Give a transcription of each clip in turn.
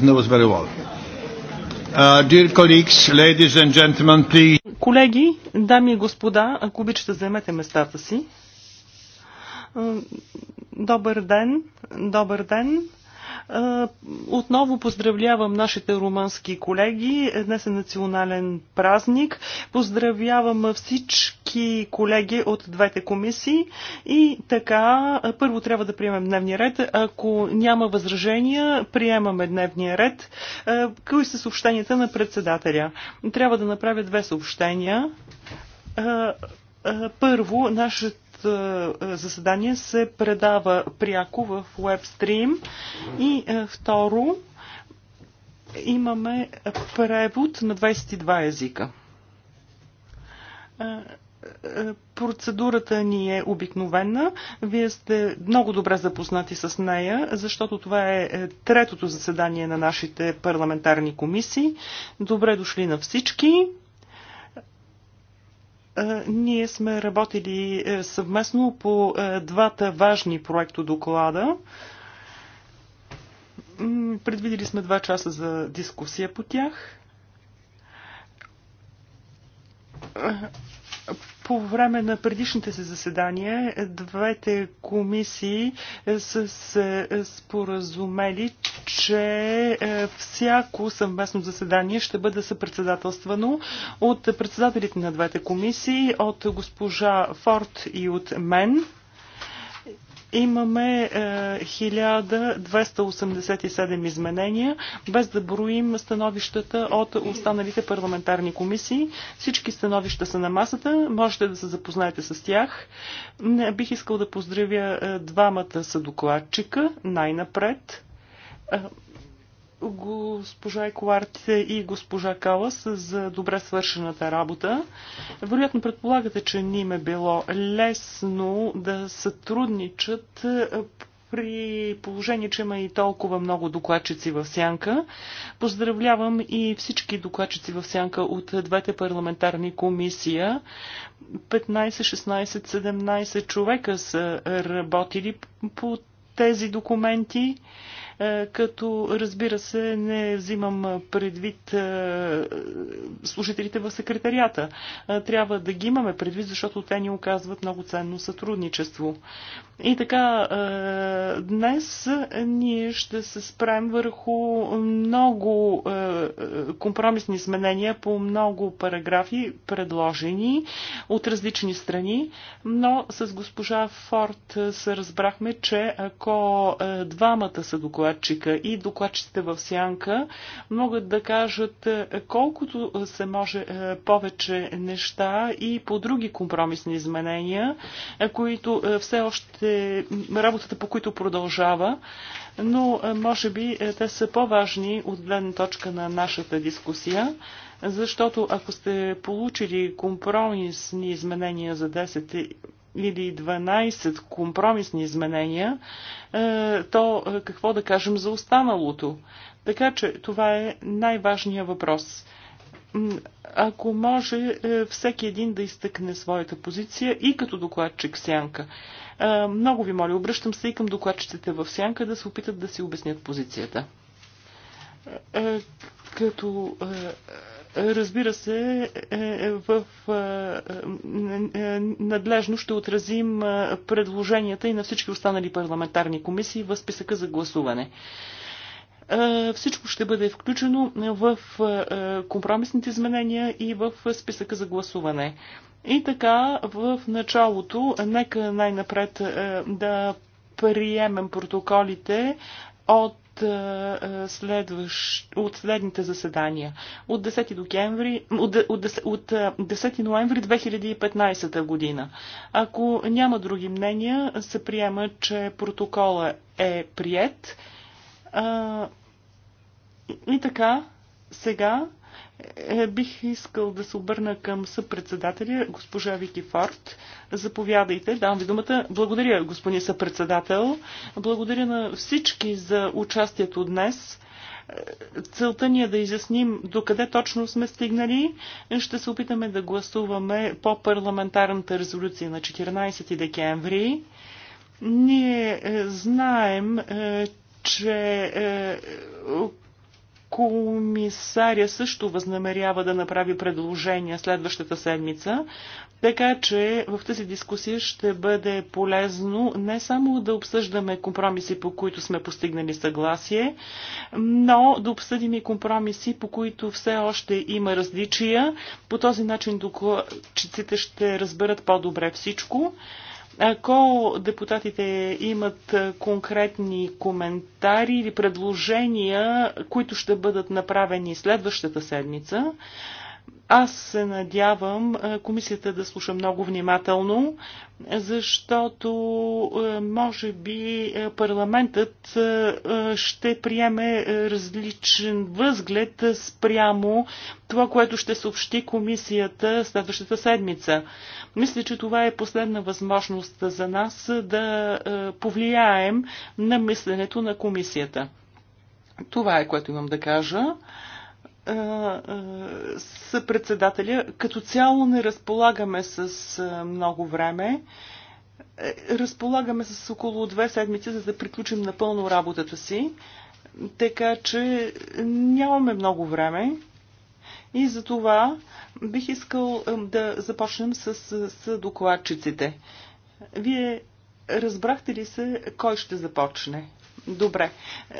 knows very well. Uh, dear colleagues, ladies and gentlemen, please. Колеги, дами и господа, ако обичате, заемете местата си. Добър ден, добър ден. Отново поздравлявам нашите романски колеги. Днес е национален празник. Поздравявам всички колеги от двете комисии. И така, първо трябва да приемем дневния ред. Ако няма възражения, приемаме дневния ред. Кои са съобщенията на председателя? Трябва да направя две съобщения. Първо, нашата е, заседание се предава пряко в WebStream. И е, второ, имаме превод на 22 езика. Е, процедурата ни е обикновена. Вие сте много добре запознати с нея, защото това е третото заседание на нашите парламентарни комисии. Добре дошли на всички. Ние сме работили е, съвместно по е, двата важни проекта доклада. Предвидели сме два часа за дискусия по тях. По време на предишните се заседания двете комисии е, са се е, споразумели, че е, всяко съвместно заседание ще бъде съпредседателствано от председателите на двете комисии, от госпожа Форд и от мен. Имаме 1287 е, изменения, без да броим становищата от останалите парламентарни комисии. Всички становища са на масата, можете да се запознаете с тях. Бих искал да поздравя е, двамата съдокладчика най-напред. Е, госпожа Екуарт и госпожа Калас за добре свършената работа. Вероятно предполагате, че ни им е било лесно да сътрудничат при положение, че има и толкова много докладчици в сянка. Поздравлявам и всички докладчици в сянка от двете парламентарни комисия. 15, 16, 17 човека са работили по тези документи. Е, като разбира се не взимам предвид е, служителите в секретарията. Е, трябва да ги имаме предвид, защото те ни оказват много ценно сътрудничество. И така, днес ние ще се спрем върху много компромисни изменения по много параграфи, предложени от различни страни, но с госпожа Форд се разбрахме, че ако двамата са доклади, докладчика и докладчиците в сянка могат да кажат е, колкото се може е, повече неща и по други компромисни изменения, е, които все още работата по които продължава, но може би те са по-важни от гледна точка на нашата дискусия защото ако сте получили компромисни изменения за 10 или 12 компромисни изменения, е, то е, какво да кажем за останалото? Така че това е най-важният въпрос. Ако може е, всеки един да изтъкне своята позиция и като докладчик Сянка. Много ви моля, обръщам се и към докладчиците в Сянка да се опитат да си обяснят позицията. Като Разбира се, е, е, в е, надлежно ще отразим предложенията и на всички останали парламентарни комисии в списъка за гласуване. Всичко ще бъде включено в компромисните изменения и в списъка за гласуване. И така, в началото, нека най-напред да приемем протоколите от следващ, от следните заседания. От 10, декември, от, от, от 10 ноември 2015 година. Ако няма други мнения, се приема, че протокола е прият. и така, сега е, бих искал да се обърна към съпредседателя, госпожа Вики Форд. Заповядайте, дам ви думата. Благодаря, господин съпредседател. Благодаря на всички за участието днес. Целта ни е да изясним докъде точно сме стигнали. Ще се опитаме да гласуваме по парламентарната резолюция на 14 декември. Ние е, знаем, е, че комисаря също възнамерява да направи предложения следващата седмица, така че в тази дискусия ще бъде полезно не само да обсъждаме компромиси, по които сме постигнали съгласие, но да обсъдим и компромиси, по които все още има различия. По този начин докладчиците ще разберат по-добре всичко. Ако депутатите имат конкретни коментари или предложения, които ще бъдат направени следващата седмица, аз се надявам е, комисията да слуша много внимателно, защото е, може би е, парламентът ще приеме различен възглед спрямо това, което ще съобщи комисията следващата седмица. Мисля, че това е последна възможност за нас да повлияем на мисленето на комисията. Това е което имам да кажа съпредседателя. Като цяло не разполагаме с много време. Е, разполагаме с около две седмици, за да приключим напълно работата си. Така че нямаме много време. И за това бих искал да започнем с, с докладчиците. Вие разбрахте ли се кой ще започне? Добре. Е,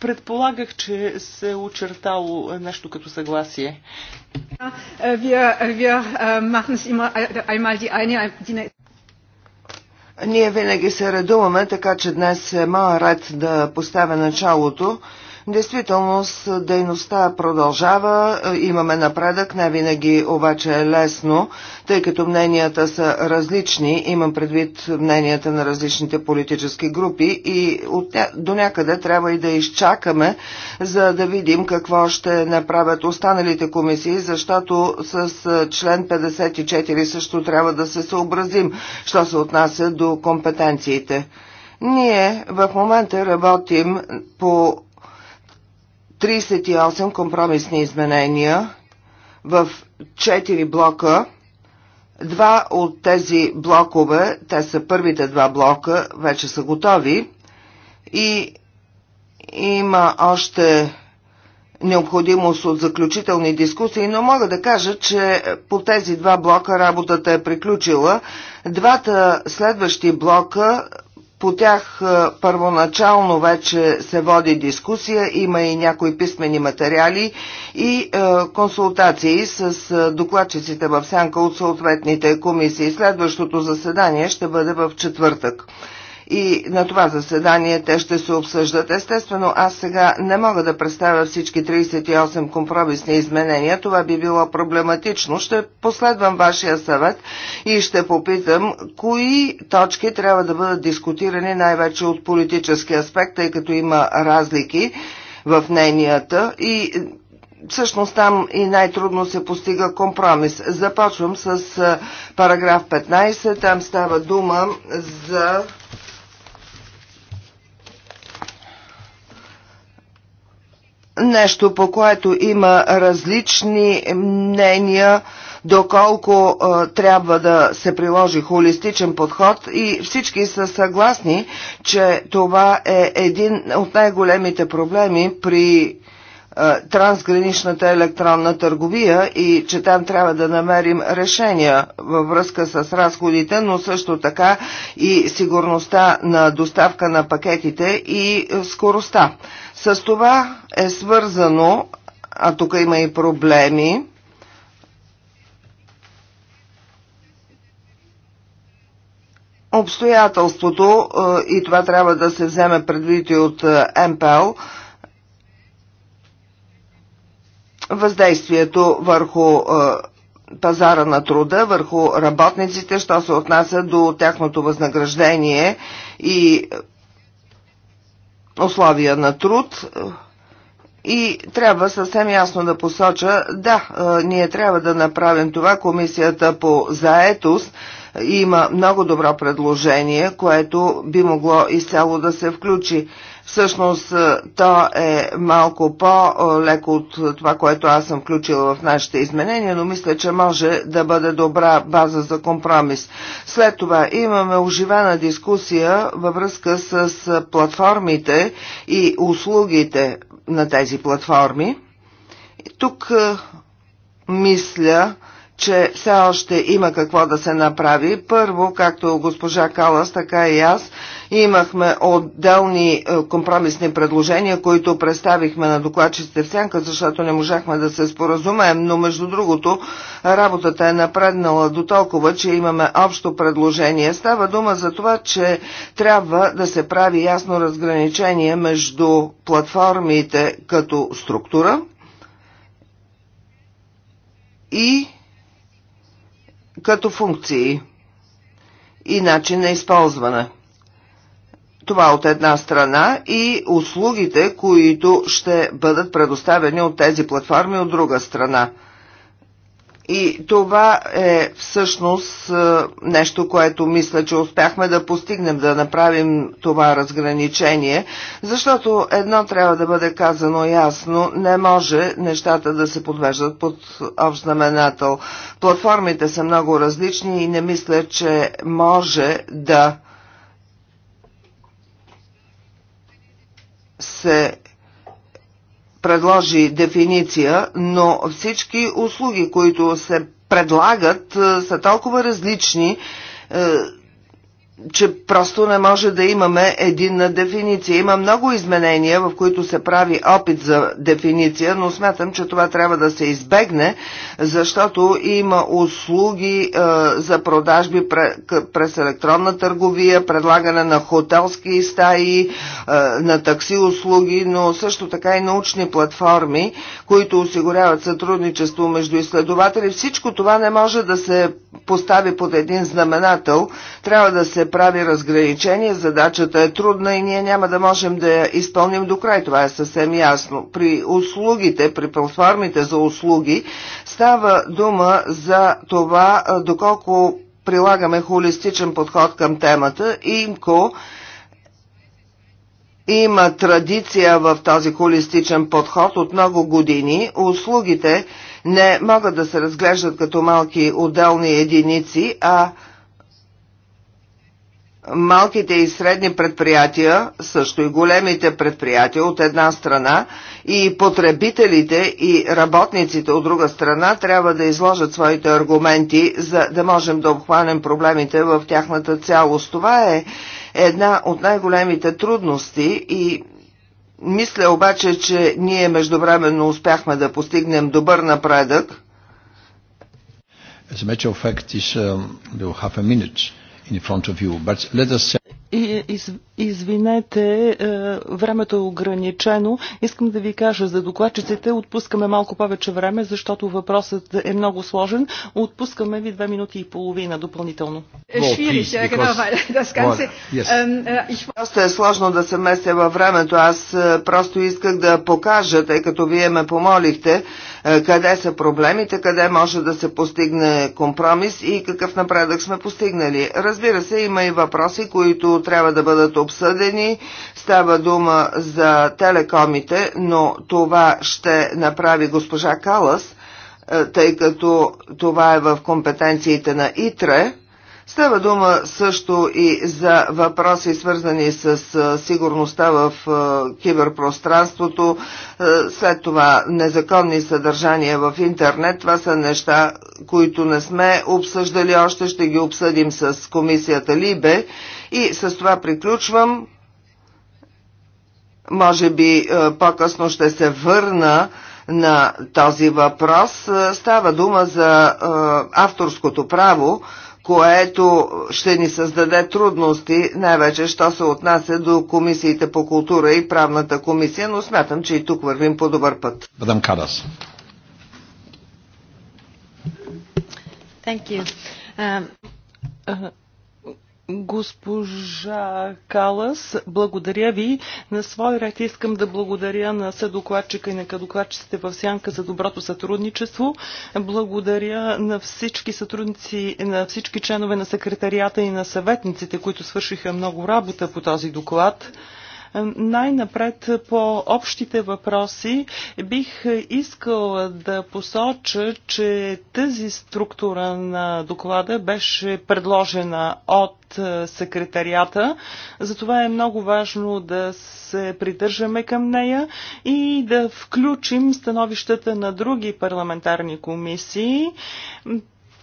предполагах, че се е очертало нещо като съгласие. Ние винаги се редуваме, така че днес е малък ред да поставя началото действителност дейността продължава, имаме напредък, не винаги обаче е лесно, тъй като мненията са различни, имам предвид мненията на различните политически групи и от, до някъде трябва и да изчакаме, за да видим какво ще направят останалите комисии, защото с член 54 също трябва да се съобразим, що се отнася до компетенциите. Ние в момента работим по 38 компромисни изменения в 4 блока. Два от тези блокове, те са първите два блока, вече са готови и има още необходимост от заключителни дискусии, но мога да кажа, че по тези два блока работата е приключила. Двата следващи блока по тях е, първоначално вече се води дискусия, има и някои писмени материали и е, консултации с е, докладчиците в сянка от съответните комисии. Следващото заседание ще бъде в четвъртък и на това заседание те ще се обсъждат. Естествено, аз сега не мога да представя всички 38 компромисни изменения. Това би било проблематично. Ще последвам вашия съвет и ще попитам, кои точки трябва да бъдат дискутирани най-вече от политически аспект, тъй като има разлики в мненията и всъщност там и най-трудно се постига компромис. Започвам с параграф 15. Там става дума за нещо, по което има различни мнения, доколко а, трябва да се приложи холистичен подход и всички са съгласни, че това е един от най-големите проблеми при е, трансграничната електронна търговия и че там трябва да намерим решения във връзка с разходите, но също така и сигурността на доставка на пакетите и скоростта. С това е свързано, а тук има и проблеми, обстоятелството, е, и това трябва да се вземе предвид и от е, МПЛ, въздействието върху е, пазара на труда, върху работниците, що се отнася до тяхното възнаграждение и условия на труд. И трябва съвсем ясно да посоча, да, е, ние трябва да направим това. Комисията по заетост има много добро предложение, което би могло изцяло да се включи. Всъщност е, то е малко по-леко от това, което аз съм включила в нашите изменения, но мисля, че може да бъде добра база за компромис. След това имаме оживена дискусия във връзка с е, платформите и услугите на тези платформи. Тук е, мисля, че все още има какво да се направи. Първо, както госпожа Калас, така и аз, имахме отделни е, компромисни предложения, които представихме на докладчиците в сянка, защото не можахме да се споразумеем, но между другото работата е напреднала до толкова, че имаме общо предложение. Става дума за това, че трябва да се прави ясно разграничение между платформите като структура и като функции и начин на използване. Това от една страна и услугите, които ще бъдат предоставени от тези платформи от друга страна – и това е всъщност е, нещо, което мисля, че успяхме да постигнем, да направим това разграничение, защото едно трябва да бъде казано ясно, не може нещата да се подвеждат под общ знаменател. Платформите са много различни и не мисля, че може да се предложи дефиниция, но всички услуги, които се предлагат, е, са толкова различни, е, че просто не може да имаме единна дефиниция. Има много изменения, в които се прави опит за дефиниция, но смятам, че това трябва да се избегне, защото има услуги е, за продажби през електронна търговия, предлагане на хотелски стаи, е, на такси услуги, но също така и научни платформи, които осигуряват сътрудничество между изследователи. Всичко това не може да се постави под един знаменател. Трябва да се прави разграничение, задачата е трудна и ние няма да можем да я изпълним до край. Това е съвсем ясно. При услугите, при платформите за услуги, става дума за това, доколко прилагаме холистичен подход към темата. и Имко има традиция в този холистичен подход от много години. Услугите не могат да се разглеждат като малки отделни единици, а малките и средни предприятия, също и големите предприятия от една страна и потребителите и работниците от друга страна трябва да изложат своите аргументи, за да можем да обхванем проблемите в тяхната цялост. Това е една от най-големите трудности и мисля обаче, че ние междувременно успяхме да постигнем добър напредък. As a matter of fact, this, um, have a minute in front of you. But let us say из, извинете, е, времето е ограничено. Искам да ви кажа, за докладчиците отпускаме малко повече време, защото въпросът е много сложен. Отпускаме ви две минути и половина допълнително. Просто е, е, е сложно да се местя във времето. Аз просто исках да покажа, тъй като вие ме помолихте, къде са проблемите, къде може да се постигне компромис и какъв напредък сме постигнали. Разбира се, има и въпроси, които трябва да бъдат обсъдени. Става дума за телекомите, но това ще направи госпожа Калас, е, тъй като това е в компетенциите на ИТРЕ. Става дума също и за въпроси, свързани с е, сигурността в е, киберпространството, след това незаконни съдържания в интернет. Това са неща, които не сме обсъждали още, ще ги обсъдим с комисията Либе и с това приключвам. Може би е, по-късно ще се върна на този въпрос. Е, става дума за е, авторското право, което ще ни създаде трудности, най-вече, що се отнася до комисиите по култура и правната комисия, но смятам, че и тук вървим по добър път. Бъдам Кадас. Thank you. Um, uh, uh Госпожа Калас, благодаря ви. На свой ред искам да благодаря на съдокладчика и на кадокладчиците в Сянка за доброто сътрудничество. Благодаря на всички сътрудници, на всички членове на секретарията и на съветниците, които свършиха много работа по този доклад. Най-напред по общите въпроси бих искал да посоча, че тази структура на доклада беше предложена от секретарията. Затова е много важно да се придържаме към нея и да включим становищата на други парламентарни комисии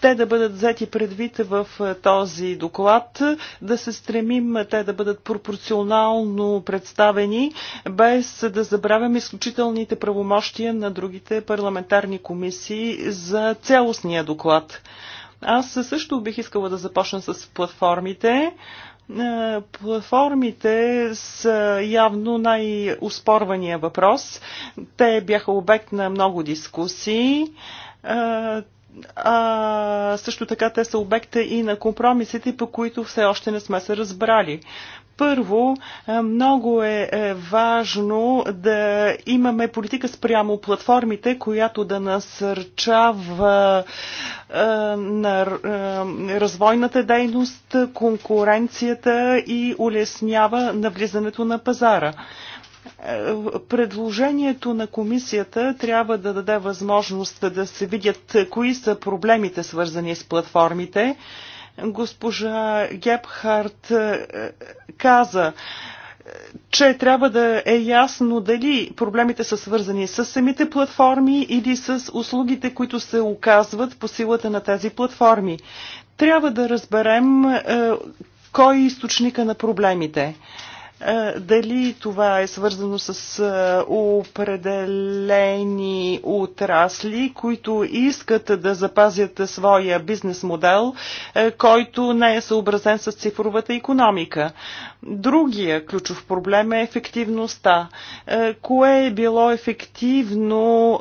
те да бъдат взети предвид в този доклад, да се стремим те да бъдат пропорционално представени, без да забравяме изключителните правомощия на другите парламентарни комисии за цялостния доклад. Аз също бих искала да започна с платформите. Платформите са явно най-успорвания въпрос. Те бяха обект на много дискусии а, също така те са обекта и на компромисите, по които все още не сме се разбрали. Първо, много е, е важно да имаме политика спрямо платформите, която да насърчава на развойната дейност, конкуренцията и улеснява навлизането на пазара. Предложението на комисията трябва да даде възможност да се видят кои са проблемите, свързани с платформите. Госпожа Гепхарт е, каза, е, че трябва да е ясно дали проблемите са свързани с самите платформи или с услугите, които се оказват по силата на тези платформи. Трябва да разберем е, кой е източника на проблемите. Е, е, дали това е свързано с е, определени отрасли, които искат да запазят своя бизнес модел, е, който не е съобразен с цифровата економика? Другия ключов проблем е ефективността. Кое е било ефективно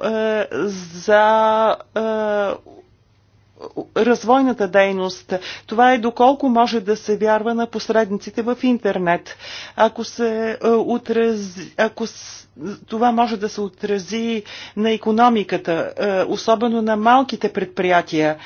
за развойната дейност. Това е доколко може да се вярва на посредниците в интернет. Ако се е, отрази, ако с... това може да се отрази на економиката, е, особено на малките предприятия.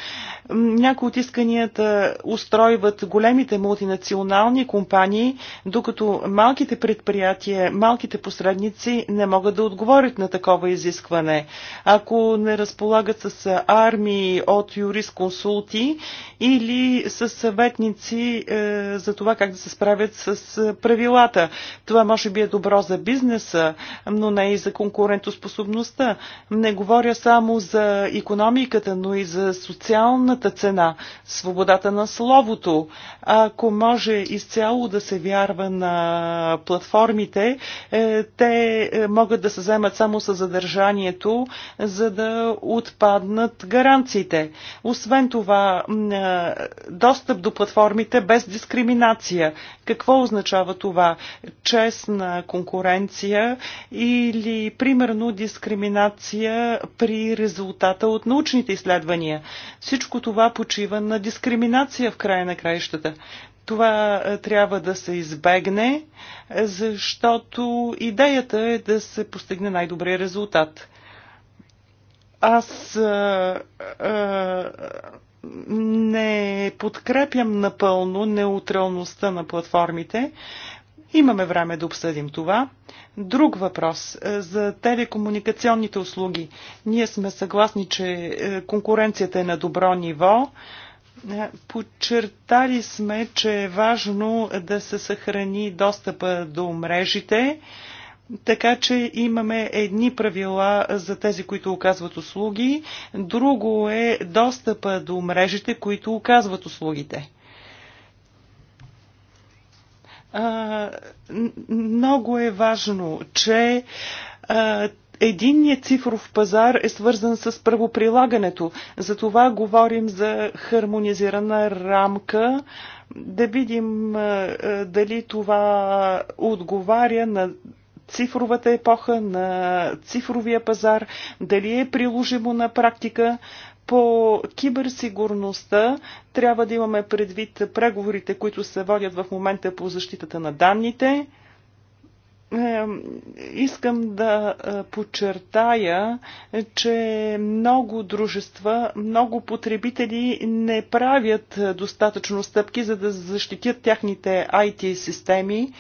Някои от исканията устройват големите мултинационални компании, докато малките предприятия, малките посредници не могат да отговорят на такова изискване. Ако не разполагат с армии от юрисконсулти или с съветници е, за това как да се справят с правилата. Това може би е добро за бизнеса, но не и за конкурентоспособността. Не говоря само за економиката, но и за социална минималната цена, свободата на словото, ако може изцяло да се вярва на платформите, е, те е, могат да се вземат само с задържанието, за да отпаднат гаранциите. Освен това, е, достъп до платформите без дискриминация. Какво означава това? Честна конкуренция или, примерно, дискриминация при резултата от научните изследвания. Всичко това почива на дискриминация в края на краищата. Това е, трябва да се избегне, защото идеята е да се постигне най-добрия резултат. Аз а, е, а, е, не подкрепям напълно неутралността на платформите, Имаме време да обсъдим това. Друг въпрос е, за телекомуникационните услуги. Ние сме съгласни, че е, конкуренцията е на добро ниво. Е, подчертали сме, че е важно да се съхрани достъпа до мрежите, така че имаме едни правила за тези, които оказват услуги. Друго е достъпа до мрежите, които оказват услугите много е важно, че Единният цифров пазар е свързан с правоприлагането. За това говорим за хармонизирана рамка. Да видим дали това отговаря на цифровата епоха, на цифровия пазар, дали е приложимо на практика. По киберсигурността трябва да имаме предвид преговорите, които се водят в момента по защитата на данните. Искам да е, подчертая, че много дружества, много потребители не правят е, достатъчно стъпки, за да защитят тяхните IT системи.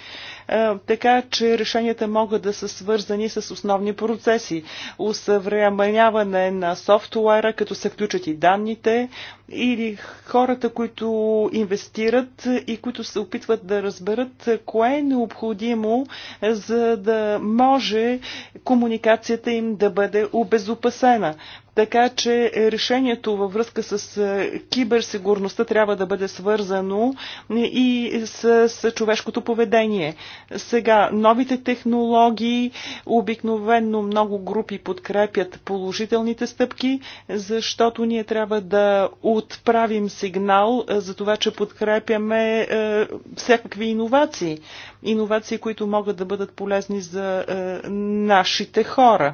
Е, така че решенията могат да са свързани с основни процеси. Усъвременяване на софтуера, като се включат и данните, или хората, които инвестират и които се опитват да разберат кое е необходимо, за да може комуникацията им да бъде обезопасена. Така че е, решението във връзка с е, киберсигурността трябва да бъде свързано е, и с, с човешкото поведение. Сега, новите технологии обикновенно много групи подкрепят положителните стъпки, защото ние трябва да отправим сигнал за това, че подкрепяме е, всякакви иновации. Иновации, които могат да бъдат полезни за е, нашите хора,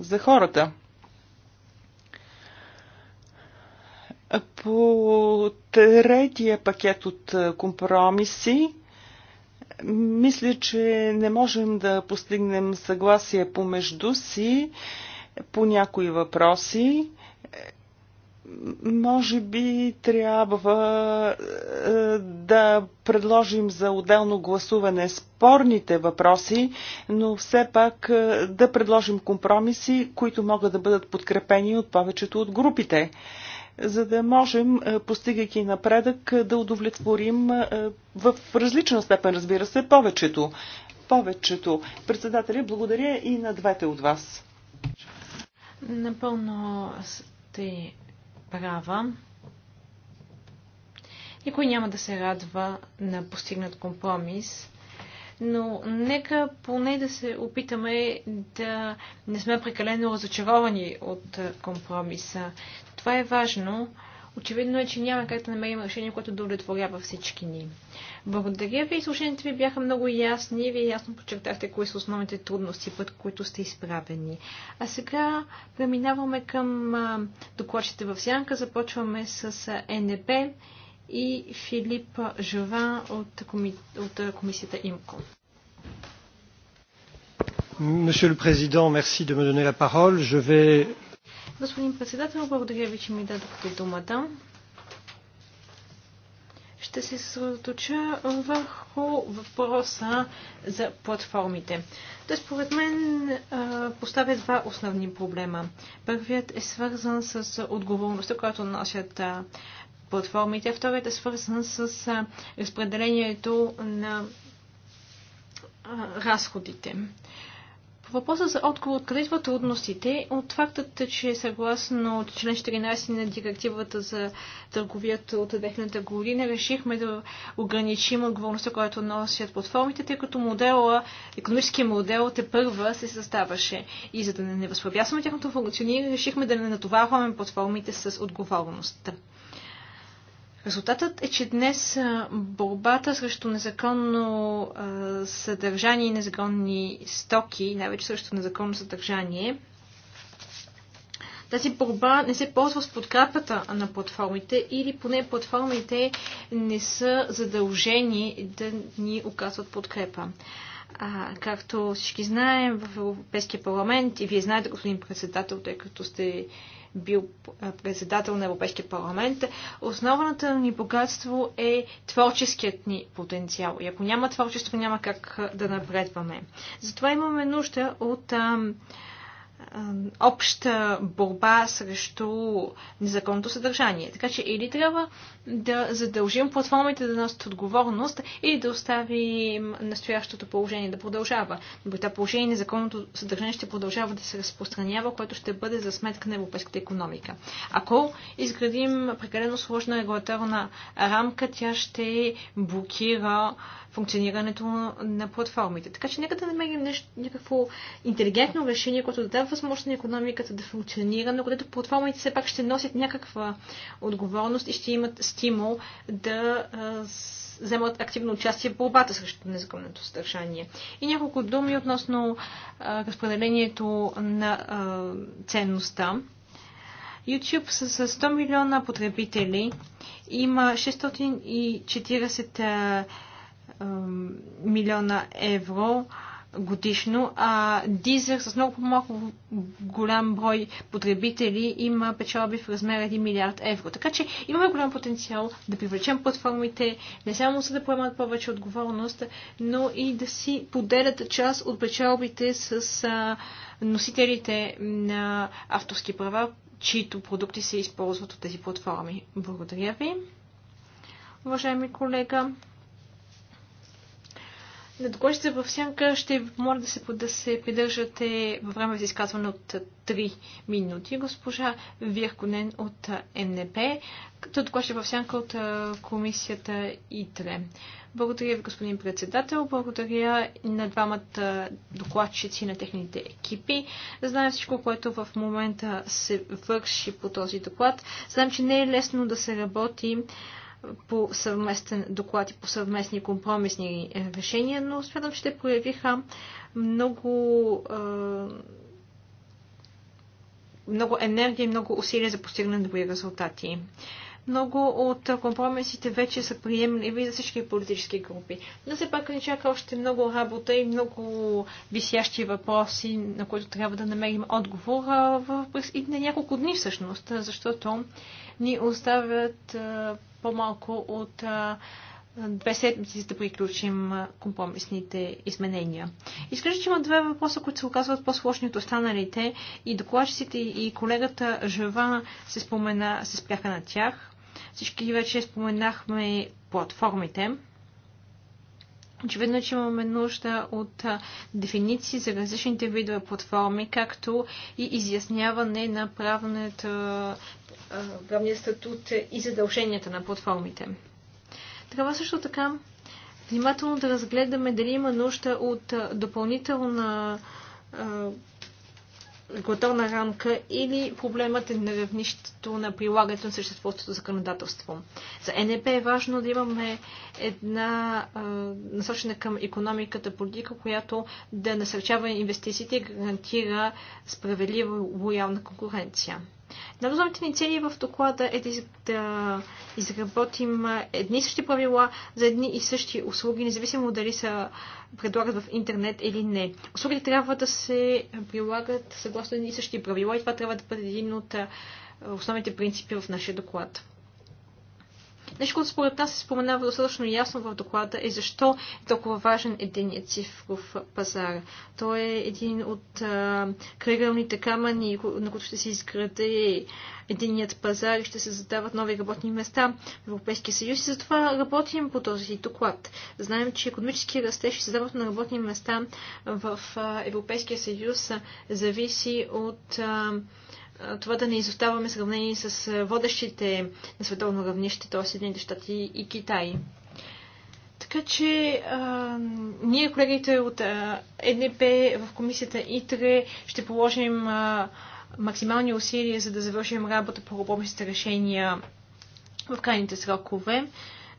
за хората. По третия пакет от компромиси, мисля, че не можем да постигнем съгласие помежду си по някои въпроси. Може би трябва да предложим за отделно гласуване спорните въпроси, но все пак да предложим компромиси, които могат да бъдат подкрепени от повечето от групите за да можем, е, постигайки напредък, е, да удовлетворим е, в различна степен, разбира се, повечето. Повечето. Председателя, благодаря и на двете от вас. Напълно сте права. Никой няма да се радва на постигнат компромис, но нека поне да се опитаме да не сме прекалено разочаровани от компромиса това е важно. Очевидно е, че няма как да намерим решение, което да удовлетворява всички ни. Благодаря ви. Слушаните ви бяха много ясни. Вие ясно подчертахте кои са основните трудности, път които сте изправени. А сега преминаваме към докладчите в сянка. Започваме с НДП и Филип Жован от, коми... от комисията ИМКО. Monsieur le Président, merci de me donner la parole. Je vais Господин председател, благодаря ви, че ми дадохте думата. Ще се съсредоточа върху въпроса за платформите. Те според мен поставя два основни проблема. Първият е свързан с отговорността, която носят платформите, а вторият е свързан с разпределението на разходите. По въпроса за отговор, къде идват трудностите? От факта, че съгласно член 14 на директивата за търговията от 2000 година, решихме да ограничим отговорността, която носят платформите, тъй като модела, економически модел те първа се съставаше. И за да не възпрепятстваме тяхното функциониране, решихме да не натоварваме платформите с отговорността. Резултатът е, че днес борбата срещу незаконно съдържание и незаконни стоки, най-вече срещу незаконно съдържание, тази борба не се ползва с подкрепата на платформите или поне платформите не са задължени да ни оказват подкрепа. А, както всички знаем, в Европейския парламент, и вие знаете, господин председател, тъй като сте бил председател на Европейския парламент, основната ни богатство е творческият ни потенциал. И ако няма творчество, няма как да напредваме. Затова имаме нужда от ам, обща борба срещу незаконното съдържание. Така че или трябва да задължим платформите да носят отговорност, или да оставим настоящото положение да продължава. Но при това положение незаконното съдържание ще продължава да се разпространява, което ще бъде за сметка на европейската економика. Ако изградим прекалено сложна регулаторна рамка, тя ще блокира функционирането на платформите. Така че нека да намерим нещо, някакво интелигентно решение, което да дава възможност на економиката да функционира, но където платформите все пак ще носят някаква отговорност и ще имат стимул да вземат активно участие в борбата срещу незаконното съдържание. И няколко думи относно а, разпределението на а, ценността. YouTube с 100 милиона потребители има 640 а, милиона евро годишно, а Дизер с много по-малко голям брой потребители има печалби в размер 1 милиард евро. Така че имаме голям потенциал да привлечем платформите не само за да поемат повече отговорност, но и да си поделят част от печалбите с носителите на авторски права, чието продукти се използват от тези платформи. Благодаря ви, уважаеми колега. На докладчите в сянка ще ви помоля да се, да се придържате във време за изказване от 3 минути. Госпожа Вирконен от МНП, като докладче в сянка от комисията ИТРЕ. Благодаря ви, господин председател. Благодаря на двамата докладчици на техните екипи. Знаем всичко, което в момента се върши по този доклад. Знам, че не е лесно да се работи по съвместен доклад и по съвместни компромисни е, решения, но смятам, че те проявиха много е, много енергия и много усилия за постигане на добри резултати много от компромисите вече са приемливи за всички политически групи. Но все пак ни чака още много работа и много висящи въпроси, на които трябва да намерим отговор в на няколко дни всъщност, защото ни оставят по-малко от две седмици, за да приключим компромисните изменения. Изглежда, че има две въпроса, които се оказват по-сложни от останалите и докладчиците и колегата Жева се, спомена, се спряха на тях. Всички вече споменахме платформите. Очевидно, че имаме нужда от дефиниции за различните видове платформи, както и изясняване на правния статут и задълженията на платформите. Трябва също така внимателно да разгледаме дали има нужда от допълнителна регулаторна рамка или проблемът е на равнището на прилагането на съществуващото законодателство. За НЕП е важно да имаме една а, насочена към економиката политика, която да насърчава инвестициите и гарантира справедлива лоялна конкуренция. На основните ни цели в доклада е да изработим едни и същи правила за едни и същи услуги, независимо дали са предлагат в интернет или не. Услугите трябва да се прилагат съгласно едни и същи правила и това трябва да бъде един от основните принципи в нашия доклад. Нещо, което според нас се споменава достатъчно ясно в доклада е защо е толкова важен единият цифров пазар. Той е един от кръгълните камъни, на които ще се изгради единият пазар и ще се задават нови работни места в Европейския съюз и затова работим по този доклад. Знаем, че економически растеж и създаването на работни места в Европейския съюз зависи от а, това да не изоставаме сравнение с водещите на световно равнище, т.е. Съединените щати и Китай. Така че а, ние, колегите от а, в комисията ИТРЕ, ще положим а, максимални усилия, за да завършим работа по робомните решения в крайните срокове.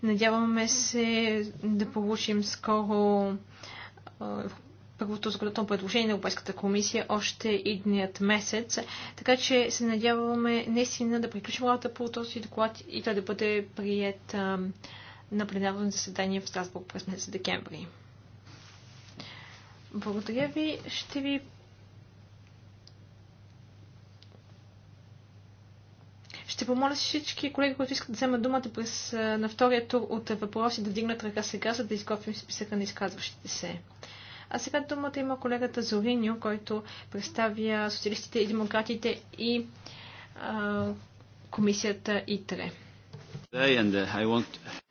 Надяваме се да получим скоро първото законодателно предложение на Европейската комисия още идният месец. Така че се надяваме наистина да приключим работа по този доклад и той да бъде прият на пленарно заседание в Страсбург през месец декември. Благодаря ви. Ще ви Ще помоля всички колеги, които искат да вземат думата през, на втория тур от въпроси, да дигнат ръка сега, за да изготвим списъка на изказващите се. А сега думата има колегата Зоринио, който представя социалистите и демократите и а, комисията ИТРЕ. Uh,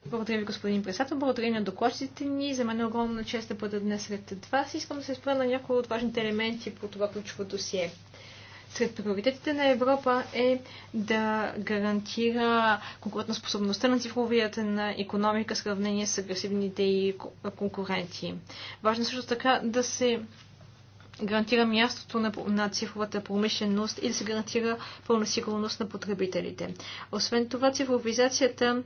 Благодаря ви, господин председател. Благодаря на докладчиците ни. За мен е огромна чест да бъда днес сред вас. Искам да се спра на някои от важните елементи по това ключово досие сред приоритетите на Европа е да гарантира конкурентоспособността на цифровията на економика в сравнение с агресивните и конкуренти. Важно е също така да се гарантира мястото на, на цифровата промишленост и да се гарантира пълна сигурност на потребителите. Освен това, цифровизацията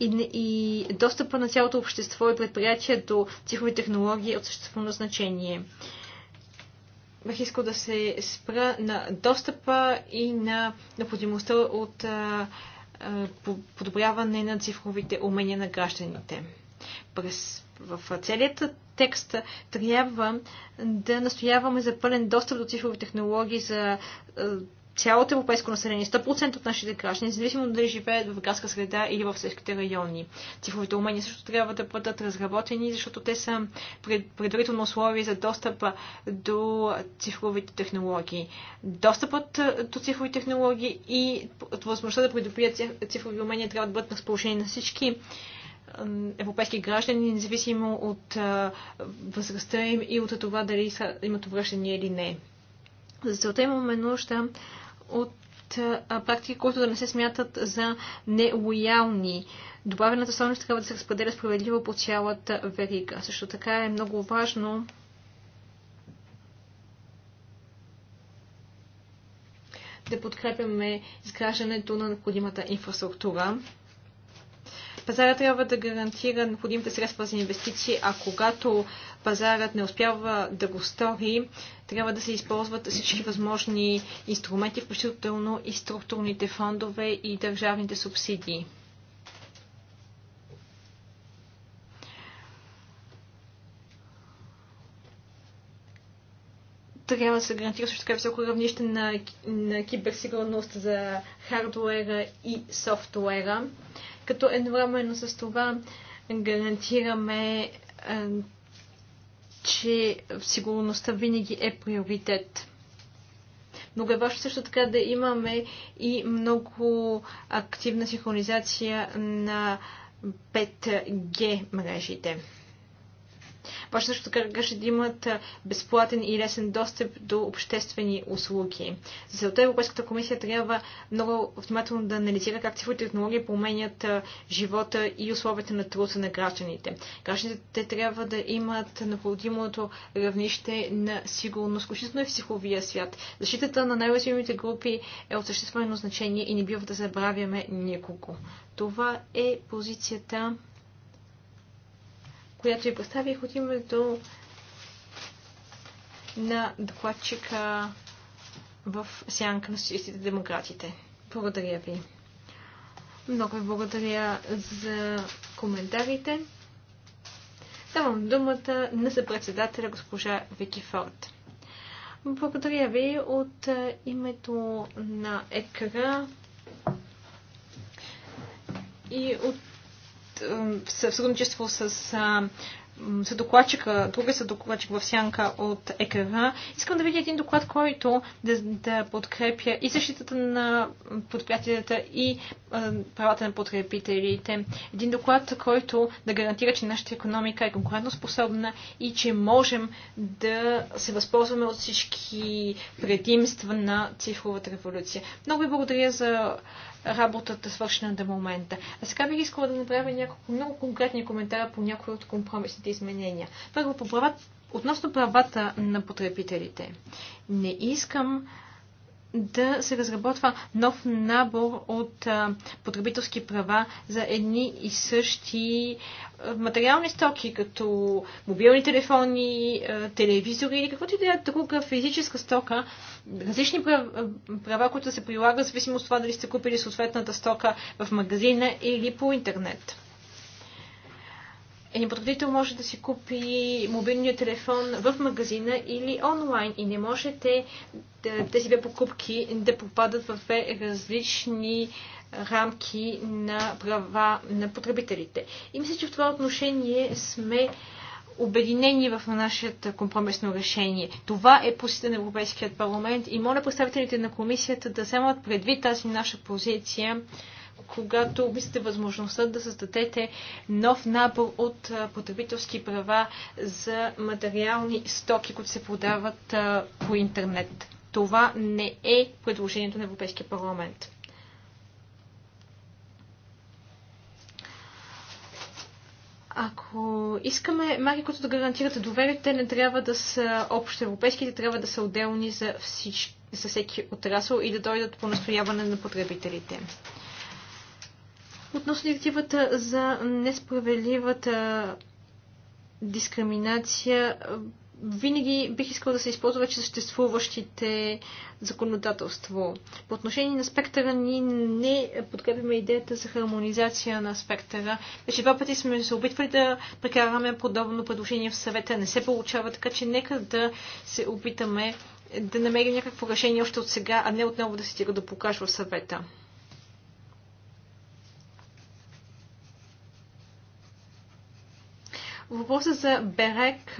и, и достъпа на цялото общество и предприятие до цифрови технологии е от съществено значение бих искал да се спра на достъпа и на необходимостта от подобряване на цифровите умения на гражданите. През, в целият текст трябва да настояваме за пълен достъп до цифрови технологии за цялото европейско население, 100% от нашите граждани, независимо дали живеят в градска среда или в селските райони. Цифровите умения също трябва да бъдат разработени, защото те са предварително условие за достъп до цифровите технологии. Достъпът е, до цифрови технологии и възможността да придобият цифрови умения трябва да бъдат на разположение на всички е, европейски граждани, независимо от е, възрастта им и от това дали имат увръщане или не. За целта имаме нужда от практики, които да не се смятат за нелоялни. Добавената стойност трябва да се разпределя справедливо по цялата верига. Също така е много важно да подкрепяме изграждането на необходимата инфраструктура. Пазара трябва да гарантира необходимите средства за инвестиции, а когато пазарът не успява да го стори, трябва да се използват всички възможни инструменти, включително и структурните фондове и държавните субсидии. трябва да се гарантира също така високо равнище на, на киберсигурност за хардуера и софтуера, като едновременно с това гарантираме че сигурността винаги е приоритет. Много е важно също така да имаме и много активна синхронизация на 5G мрежите. Ваше също така ще да имат безплатен и лесен достъп до обществени услуги. За целта Европейската комисия трябва много внимателно да анализира как цифровите технологии променят живота и условията на труда на гражданите. Гражданите трябва да имат необходимото равнище на сигурност, включително и в психовия свят. Защитата на най-уязвимите групи е от съществено значение и не бива да забравяме никого. Това е позицията която ви поставих от името на докладчика в сянка на социалистите демократите. Благодаря ви. Много ви благодаря за коментарите. Давам думата на съпредседателя госпожа Вики Форд. Благодаря ви от е, името на ЕКРА и от сътрудничество с съдокладчика, друга съдокладчик в сянка от ЕКВ. Искам да видя един доклад, който да, да подкрепя и защитата на предприятията и а, правата на потребителите. Един доклад, който да гарантира, че нашата економика е конкурентоспособна и че можем да се възползваме от всички предимства на цифровата революция. Много ви благодаря за работата, свършена до момента. А сега бих искала да направя няколко много конкретни коментара по някои от компромисните изменения. Първо, по правата, относно правата на потребителите. Не искам да се разработва нов набор от потребителски права за едни и същи материални стоки, като мобилни телефони, телевизори или каквото и да е друга физическа стока, различни права, които се прилагат, зависимо от това дали сте купили съответната стока в магазина или по интернет един потребител може да си купи мобилния телефон в магазина или онлайн и не можете тези две покупки да попадат в две различни рамки на права на потребителите. И мисля, че в това отношение сме обединени в нашето компромисно решение. Това е позиция на Европейският парламент и моля представителите на комисията да вземат предвид тази наша позиция когато обмислите възможността да създадете нов набор от потребителски права за материални стоки, които се продават по интернет. Това не е предложението на Европейския парламент. Ако искаме марки, които да гарантират доверите, те не трябва да са общо европейски, те трябва да са отделни за, за всеки отрасъл и да дойдат по настояване на потребителите. Относно директивата за несправедливата дискриминация, винаги бих искал да се използва вече съществуващите законодателство. По отношение на спектъра ние не подкрепяме идеята за хармонизация на спектъра. Вече два пъти сме се опитвали да прекараме подобно предложение в съвета. Не се получава, така че нека да се опитаме да намерим някакво решение още от сега, а не отново да се стига да покажа в съвета. Въпроса за БЕРЕК.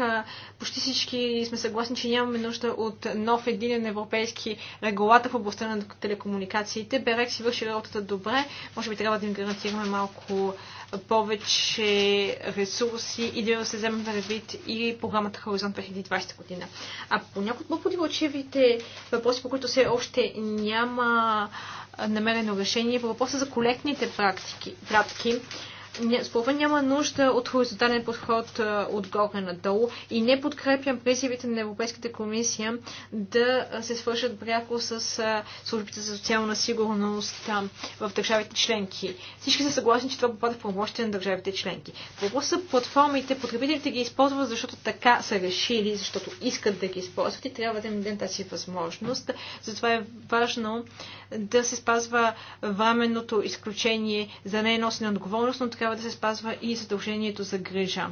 Почти всички сме съгласни, че нямаме нужда от нов единен европейски регулатор в областта на телекомуникациите. БЕРЕК си върши работата добре. Може би трябва да им гарантираме малко повече ресурси и да се вземем ревит и програмата Хоризонт 2020 година. А по някои от по-противоречивите въпроси, по които все още няма намерено решение, по въпроса за колектните практики, според мен няма нужда от хоризонтален подход отгоре надолу и не подкрепям призивите на Европейската комисия да се свършат бряко с службите за социална сигурност в държавите членки. Всички са съгласни, че това попада в правомощите на държавите членки. Въпросът платформите, потребителите ги използват, защото така са решили, защото искат да ги използват и трябва да им дадем тази възможност. Затова е важно да се спазва временното изключение за неносене носене отговорност, но така трябва да се спазва и задължението за грижа.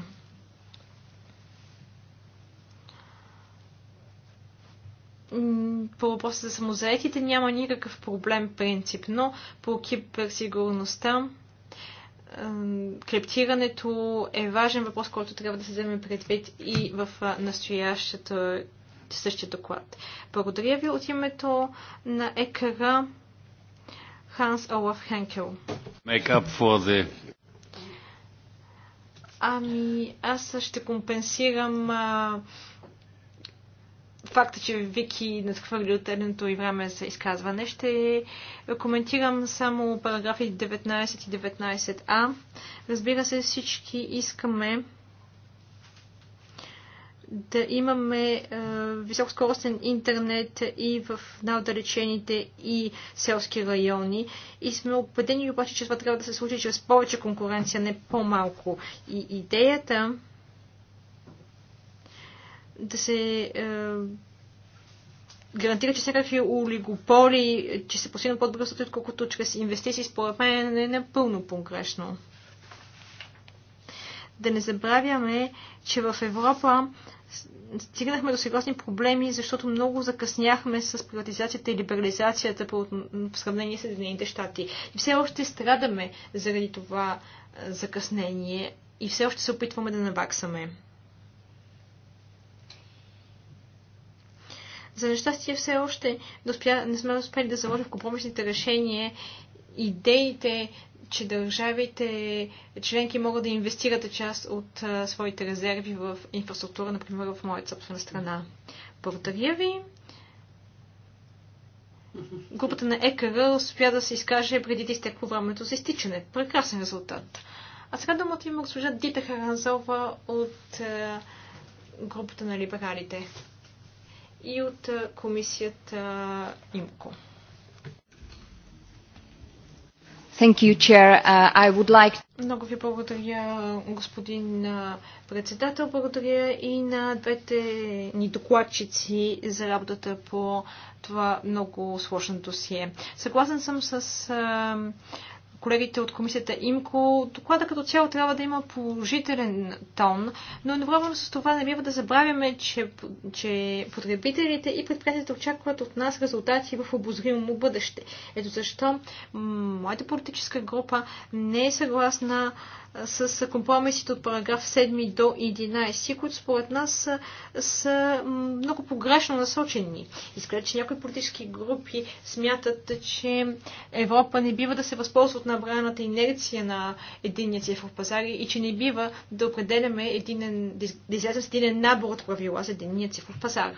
По въпроса за самозаетите няма никакъв проблем принципно. По киберсигурността криптирането е важен въпрос, който трябва да се вземе предвид и в настоящата същия доклад. Благодаря ви от името на екара Ханс Олаф Хенкел. Make up for the Ами, аз ще компенсирам а, факта, че Вики надхвърли едното и време за изказване. Ще коментирам само параграфи 19 и 19а. Разбира се, всички искаме да имаме е, високоскоростен интернет и в най-отдалечените и селски райони. И сме убедени обаче, че това трябва да се случи чрез повече конкуренция, не по-малко. И идеята да се е, гарантира, че всякакви олигополи, че се постигна по-бързо, отколкото чрез инвестиции, според мен е напълно погрешно да не забравяме, че в Европа стигнахме до сериозни проблеми, защото много закъсняхме с приватизацията и либерализацията по, в сравнение с Съединените щати. И все още страдаме заради това закъснение и все още се опитваме да наваксаме. За нещастие все още не сме успели да заложим в компромисните решения идеите че държавите членки могат да инвестират част от а, своите резерви в инфраструктура, например в моята собствена страна. Благодаря ви. Групата на ЕКР успя да се изкаже преди да изтекло времето за изтичане. Прекрасен резултат. А сега думата има госпожа Дита Харанзова от а, групата на либералите и от а, комисията ИМКО. Thank you, Chair. Uh, I would like... Много ви благодаря, господин председател. Благодаря и на двете ни докладчици за работата по това много сложно досие. Съгласен съм с uh, колегите от комисията ИМКО, доклада като цяло трябва да има положителен тон, но едновременно с това не бива да забравяме, че, че потребителите и предприятията очакват от нас резултати в обозримо бъдеще. Ето защо моята политическа група не е съгласна с компромисите от параграф 7 до 11, които според нас са много погрешно насочени. Изглежда, че някои политически групи смятат, че Европа не бива да се възползва от набраната инерция на единния цифров пазар и че не бива да определяме един, да излязем с един набор от правила за единния цифров пазар.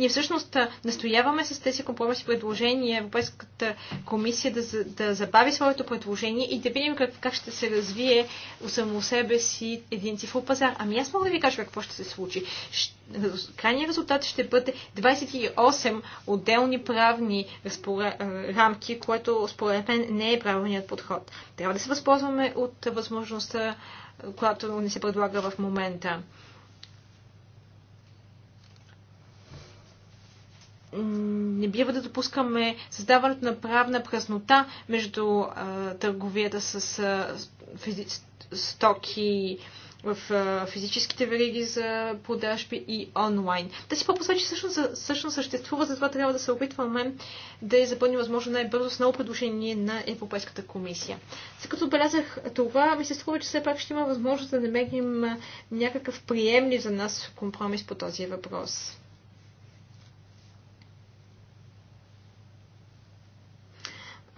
Ние всъщност настояваме с тези компромиси предложения Европейската комисия да, да забави своето предложение и да видим как, как ще се развие у само себе си един цифров пазар. Ами аз мога да ви кажа какво ще се случи. Крайният резултат ще бъде 28 отделни правни разпора... рамки, което според мен не е правилният подход. Трябва да се възползваме от възможността, която ни се предлага в момента. не бива да допускаме създаването на правна празнота между а, търговията с а, физи... стоки в а, физическите вериги за продажби и онлайн. Тази че всъщност, всъщност съществува, затова трябва да се опитваме да я запълним възможно най-бързо с ново предложение на Европейската комисия. След като отбелязах това, ми се струва, че все пак ще има възможност да намерим някакъв приемлив за нас компромис по този въпрос.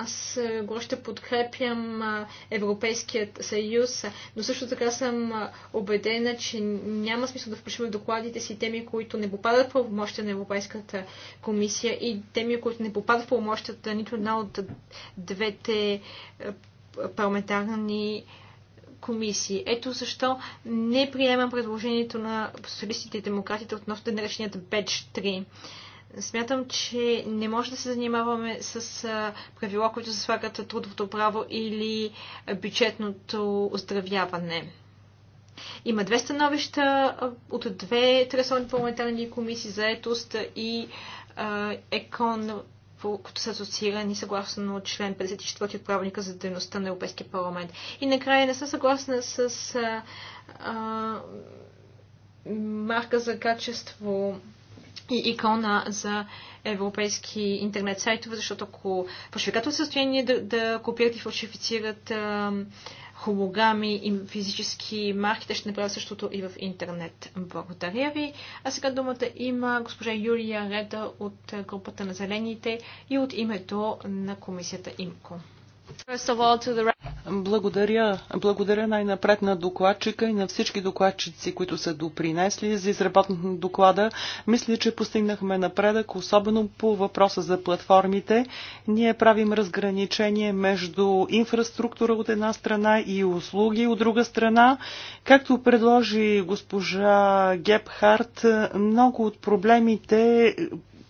Аз е, го ще подкрепям Европейският съюз, но също така съм убедена, че няма смисъл да включваме в докладите си теми, които не попадат в правомощите на Европейската комисия и теми, които не попадат в правомощията нито една от двете е, парламентарни комисии. Ето защо не приемам предложението на социалистите и демократите относно днешният Беч 3. Смятам, че не може да се занимаваме с правила, които се слагат трудовото право или бюджетното оздравяване. Има две становища от две тресовни парламентарни комисии за етост и ЕКОН, които са асоциирани съгласно член 54 от правилника за дейността на Европейския парламент. И накрая не съм съгласна с а, а, марка за качество и икона за европейски интернет сайтове, защото ако фалшификатор е състояние да, да копират и фалшифицират хологами и физически марки, те ще направят същото и в интернет. Благодаря ви. А сега думата има госпожа Юлия Реда от групата на Зелените и от името на комисията ИМКО. Благодаря. Благодаря най-напред на докладчика и на всички докладчици, които са допринесли за изработването на доклада. Мисля, че постигнахме напредък, особено по въпроса за платформите. Ние правим разграничение между инфраструктура от една страна и услуги от друга страна. Както предложи госпожа Гепхарт, много от проблемите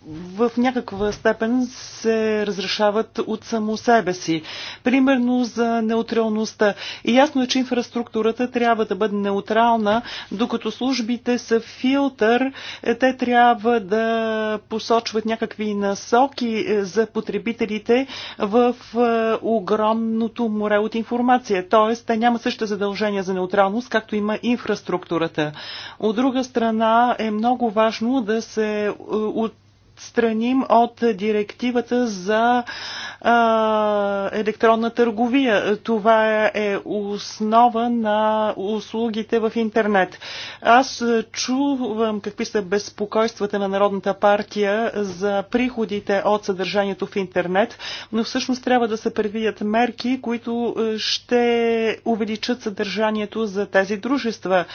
в някаква степен се разрешават от само себе си. Примерно за неутралността. И ясно е, че инфраструктурата трябва да бъде неутрална, докато службите са филтър, те трябва да посочват някакви насоки е, за потребителите в е, огромното море от информация. Тоест, те няма същите задължения за неутралност, както има инфраструктурата. От друга страна е много важно да се е, от отстраним от директивата за а, електронна търговия. Това е основа на услугите в интернет. Аз чувам какви са безпокойствата на Народната партия за приходите от съдържанието в интернет, но всъщност трябва да се предвидят мерки, които ще увеличат съдържанието за тези дружества.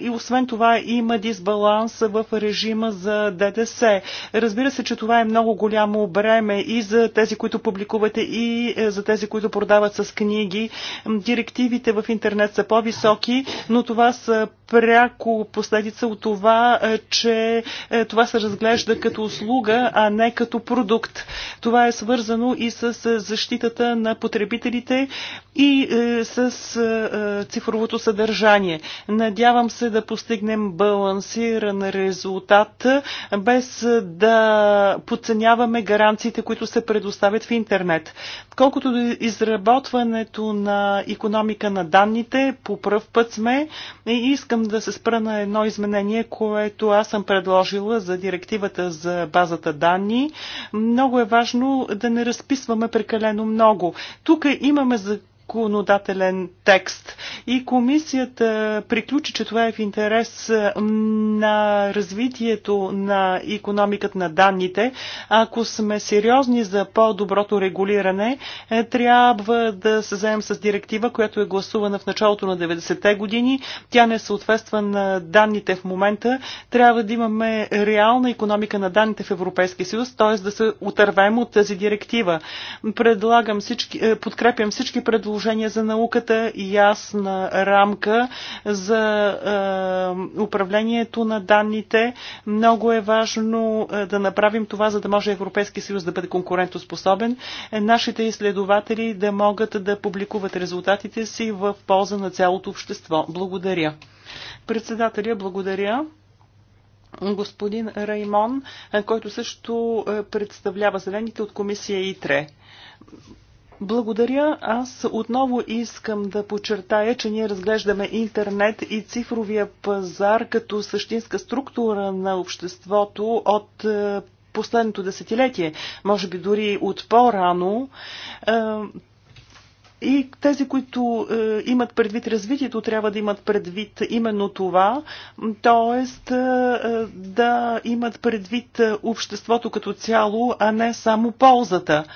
И освен това има дисбаланс в режима за ДДС. Разбира Разбира се, че това е много голямо бреме и за тези, които публикувате, и е, за тези, които продават с книги. Директивите в интернет са по-високи, но това са пряко последица от това, е, че е, това се разглежда като услуга, а не като продукт. Това е свързано и с защитата на потребителите и с цифровото съдържание. Надявам се да постигнем балансиран резултат, без да да подценяваме гаранциите, които се предоставят в интернет. Колкото до изработването на економика на данните, по пръв път сме и искам да се спра на едно изменение, което аз съм предложила за директивата за базата данни. Много е важно да не разписваме прекалено много. Тук имаме за законодателен текст. И комисията приключи, че това е в интерес е, на развитието на економиката на данните. Ако сме сериозни за по-доброто регулиране, е, трябва да се заем с директива, която е гласувана в началото на 90-те години. Тя не съответства на данните в момента. Трябва да имаме реална економика на данните в Европейския съюз, т.е. да се отървем от тази директива. Предлагам всички, е, подкрепям всички предложения положение за науката, и ясна рамка за е, управлението на данните. Много е важно е, да направим това, за да може Европейски съюз да бъде конкурентоспособен. Е, нашите изследователи да могат да публикуват резултатите си в полза на цялото общество. Благодаря. Председателя, благодаря господин Раймон, е, който също е, представлява зелените от комисия ИТРЕ. Благодаря. Аз отново искам да подчертая, че ние разглеждаме интернет и цифровия пазар като същинска структура на обществото от е, последното десетилетие, може би дори от по-рано. Е, и тези, които е, имат предвид развитието, трябва да имат предвид именно това, т.е. Е, да имат предвид обществото като цяло, а не само ползата. Е,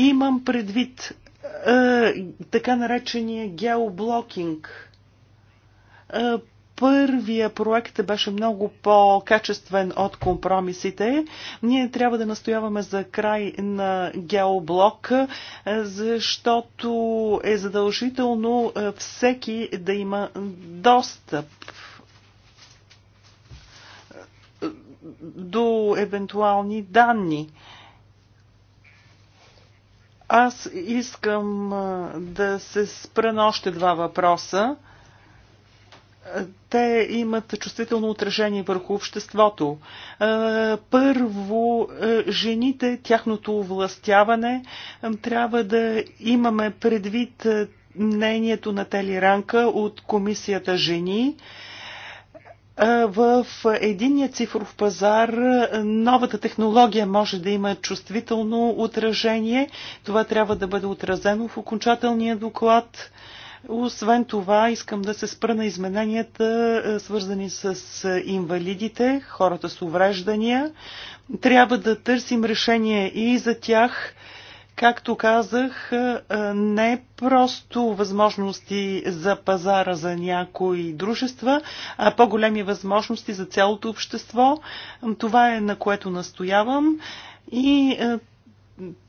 Имам предвид е, така наречения геоблокинг. Е, първия проект беше много по-качествен от компромисите. Ние трябва да настояваме за край на геоблок, защото е задължително всеки да има достъп до евентуални данни. Аз искам да се спра на още два въпроса. Те имат чувствително отражение върху обществото. Първо, жените, тяхното овластяване, трябва да имаме предвид мнението на Телиранка от комисията Жени в единия цифров пазар новата технология може да има чувствително отражение. Това трябва да бъде отразено в окончателния доклад. Освен това, искам да се спра на измененията, свързани с инвалидите, хората с увреждания. Трябва да търсим решение и за тях както казах, е, не просто възможности за пазара за някои дружества, а по-големи възможности за цялото общество. Това е на което настоявам и е,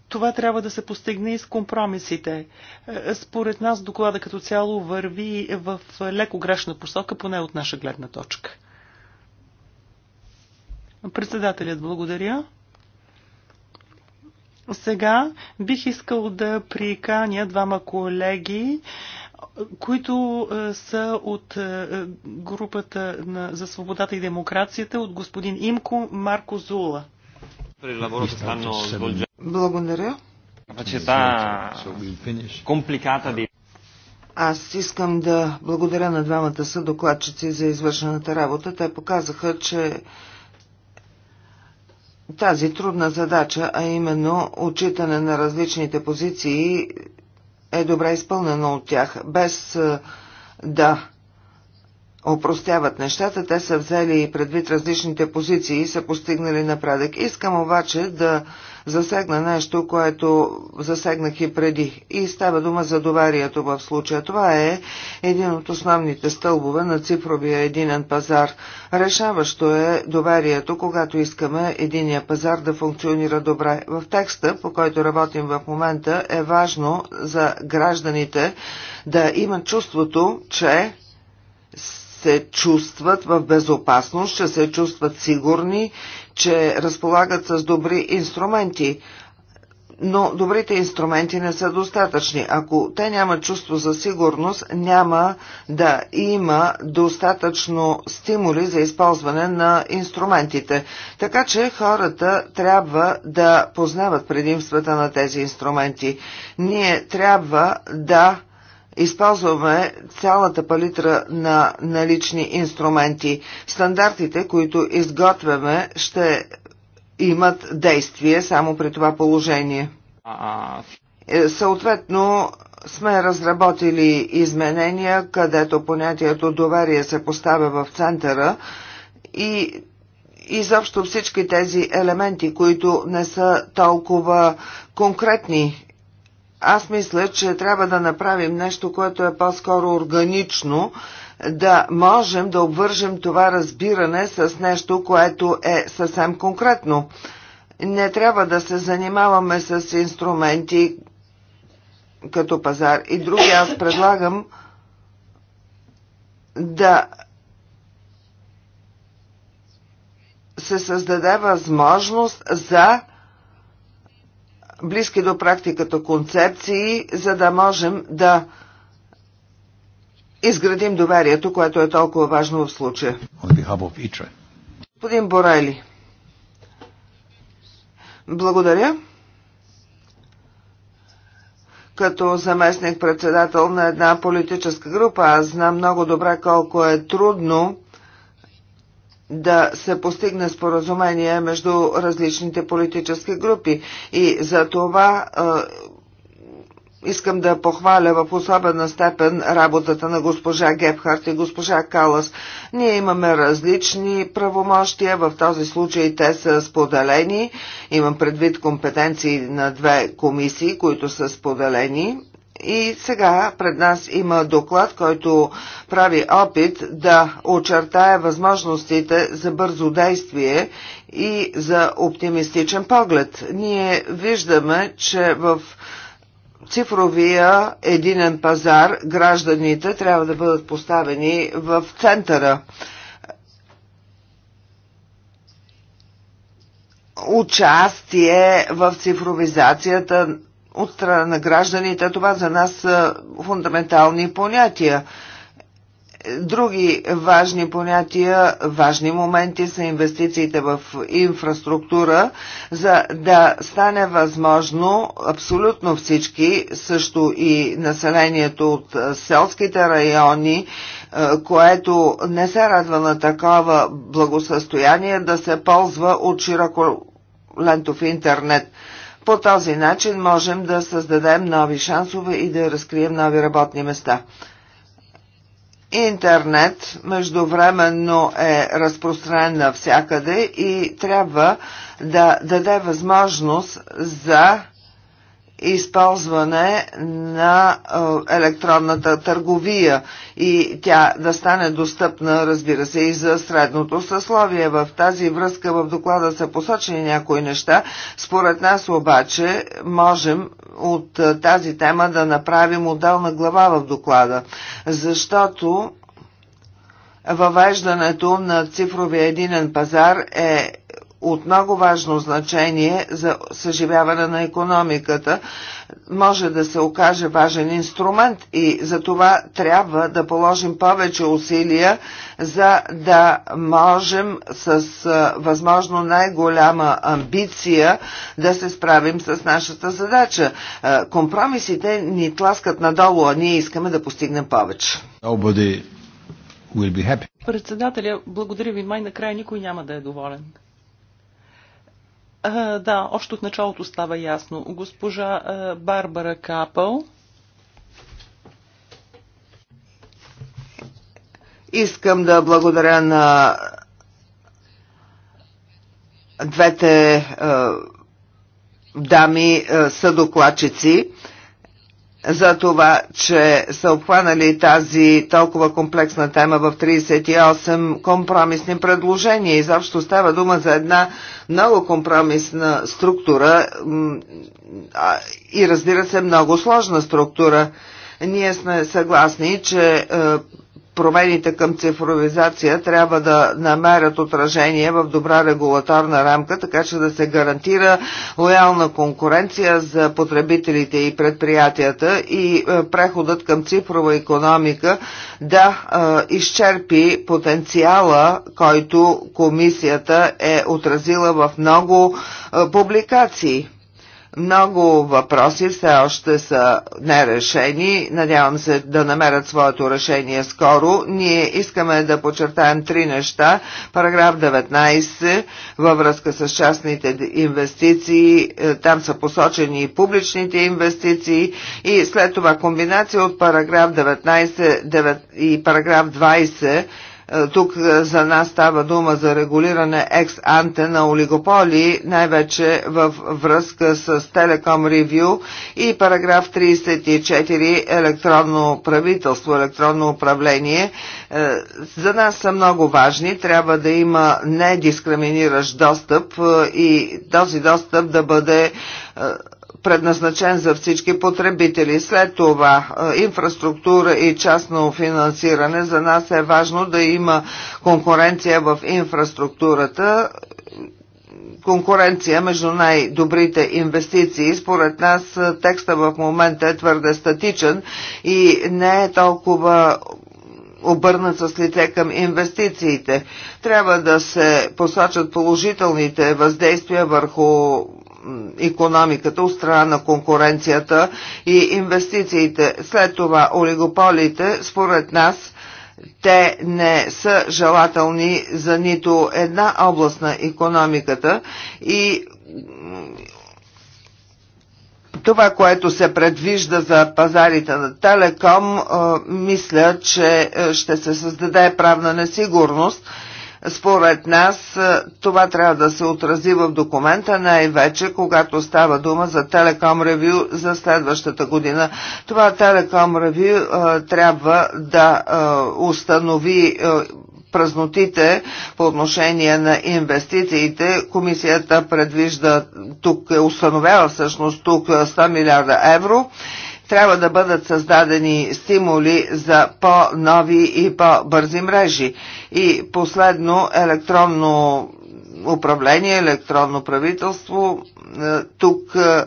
това трябва да се постигне и с компромисите. Е, според нас доклада като цяло върви в леко грешна посока, поне от наша гледна точка. Председателят благодаря. Сега бих искал да приканя двама колеги, които е, са от е, групата за свободата и демокрацията от господин Имко Марко Зула. Благодаря. Значи е Аз искам да благодаря на двамата съдокладчици за извършената работа. Те показаха, че тази трудна задача, а именно отчитане на различните позиции, е добре изпълнена от тях. Без да опростяват нещата, те са взели и предвид различните позиции и са постигнали напредък. Искам обаче да засегна нещо, което засегнах и преди. И става дума за доварието в случая. Това е един от основните стълбове на цифровия единен пазар. Решаващо е доварието, когато искаме единия пазар да функционира добре. В текста, по който работим в момента, е важно за гражданите да имат чувството, че се чувстват в безопасност, че се чувстват сигурни че разполагат с добри инструменти, но добрите инструменти не са достатъчни. Ако те нямат чувство за сигурност, няма да има достатъчно стимули за използване на инструментите. Така че хората трябва да познават предимствата на тези инструменти. Ние трябва да използваме цялата палитра на налични инструменти. Стандартите, които изготвяме, ще имат действие само при това положение. Е, съответно, сме разработили изменения, където понятието доверие се поставя в центъра и изобщо всички тези елементи, които не са толкова конкретни аз мисля, че трябва да направим нещо, което е по-скоро органично, да можем да обвържем това разбиране с нещо, което е съвсем конкретно. Не трябва да се занимаваме с инструменти като пазар и други. Аз предлагам да се създаде възможност за близки до практиката концепции, за да можем да изградим доверието, което е толкова важно в случая. Господин Борели, благодаря. Като заместник-председател на една политическа група, аз знам много добре колко е трудно да се постигне споразумение между различните политически групи. И за това Искам да похваля в особена степен работата на госпожа Гепхарт и госпожа Калас. Ние имаме различни правомощия, в този случай те са споделени. Имам предвид компетенции на две комисии, които са споделени. И сега пред нас има доклад, който прави опит да очертая възможностите за бързо действие и за оптимистичен поглед. Ние виждаме, че в цифровия единен пазар гражданите трябва да бъдат поставени в центъра. Участие в цифровизацията от страна на гражданите. Това за нас са фундаментални понятия. Други важни понятия, важни моменти са инвестициите в инфраструктура, за да стане възможно абсолютно всички, също и населението от селските райони, което не се радва на такова благосъстояние, да се ползва от широко лентов интернет – по този начин можем да създадем нови шансове и да разкрием нови работни места. Интернет междувременно е разпространен навсякъде и трябва да даде възможност за използване на електронната търговия и тя да стане достъпна, разбира се, и за средното съсловие. В тази връзка в доклада са посочени някои неща. Според нас обаче можем от тази тема да направим отделна глава в доклада, защото въвеждането на цифровия единен пазар е от много важно значение за съживяване на економиката, може да се окаже важен инструмент и за това трябва да положим повече усилия, за да можем с възможно най-голяма амбиция да се справим с нашата задача. Компромисите ни тласкат надолу, а ние искаме да постигнем повече. Председателя, благодаря ви. Май накрая никой няма да е доволен да, още от началото става ясно. Госпожа а, Барбара Капъл. Искам да благодаря на двете дами е, съдокладчици за това, че са обхванали тази толкова комплексна тема в 38 компромисни предложения. Изобщо става дума за една много компромисна структура и разбира се много сложна структура. Ние сме съгласни, че е, промените към цифровизация трябва да намерят отражение в добра регулаторна рамка, така че да се гарантира лоялна конкуренция за потребителите и предприятията и е, преходът към цифрова економика да е, изчерпи потенциала, който комисията е отразила в много е, публикации. Много въпроси все още са нерешени. Надявам се да намерят своето решение скоро. Ние искаме да почертаем три неща. Параграф 19 във връзка с частните инвестиции. Е, там са посочени и публичните инвестиции. И след това комбинация от параграф 19 и параграф 20 е, тук е, за нас става дума за регулиране екс-анте на олигополи, най-вече в връзка с Телеком Ревю и параграф 34 електронно правителство, електронно управление. Е, за нас са много важни. Трябва да има недискриминиращ достъп и този достъп да бъде предназначен за всички потребители. След това е, инфраструктура и частно финансиране. За нас е важно да има конкуренция в инфраструктурата конкуренция между най-добрите инвестиции. Според нас е, текста в момента е твърде статичен и не е толкова обърнат с лице към инвестициите. Трябва да се посочат положителните въздействия върху економиката, от страна на конкуренцията и инвестициите. След това олигополите, според нас, те не са желателни за нито една област на економиката и това, което се предвижда за пазарите на Телеком, мисля, че ще се създаде правна несигурност според нас е, това трябва да се отрази в документа, най-вече когато става дума за Телеком Ревю за следващата година. Това Телеком Ревю трябва да е, установи е, празнотите по отношение на инвестициите. Комисията предвижда тук, установява всъщност тук 100 милиарда евро трябва да бъдат създадени стимули за по-нови и по-бързи мрежи. И последно, електронно управление, електронно правителство. Е, тук е,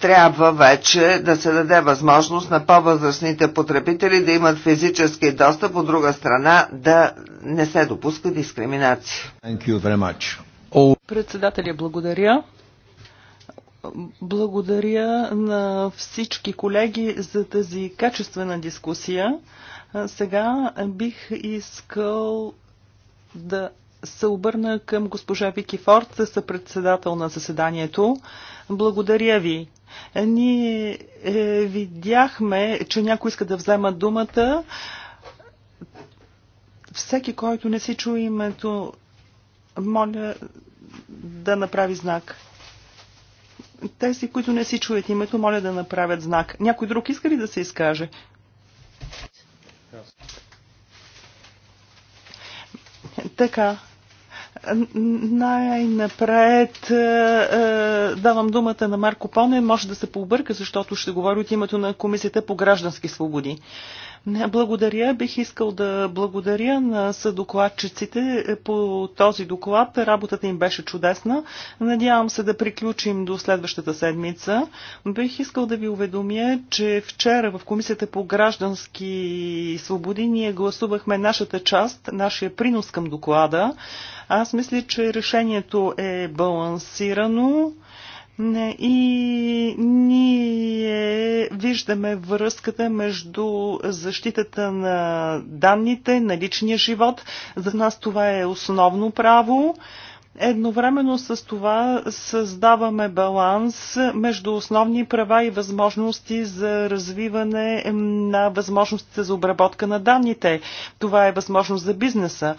трябва вече да се даде възможност на по-възрастните потребители да имат физически достъп, от друга страна да не се допуска дискриминация. Председателя, благодаря. Благодаря на всички колеги за тази качествена дискусия. Сега бих искал да се обърна към госпожа Вики Форд, съпредседател на заседанието. Благодаря ви. Ние е, видяхме, че някой иска да взема думата. Всеки, който не си чу името, моля да направи знак. Тези, които не си чуят името, моля да направят знак. Някой друг иска ли да се изкаже? Така. Най-напред е, е, давам думата на Марко Поне. Може да се пообърка, защото ще говори от името на Комисията по граждански свободи. Благодаря. Бих искал да благодаря на съдокладчиците по този доклад. Работата им беше чудесна. Надявам се да приключим до следващата седмица. Бих искал да ви уведомя, че вчера в Комисията по граждански свободи ние гласувахме нашата част, нашия принос към доклада. Аз мисля, че решението е балансирано. И ние виждаме връзката между защитата на данните, на личния живот. За нас това е основно право. Едновременно с това създаваме баланс между основни права и възможности за развиване на възможностите за обработка на данните. Това е възможност за бизнеса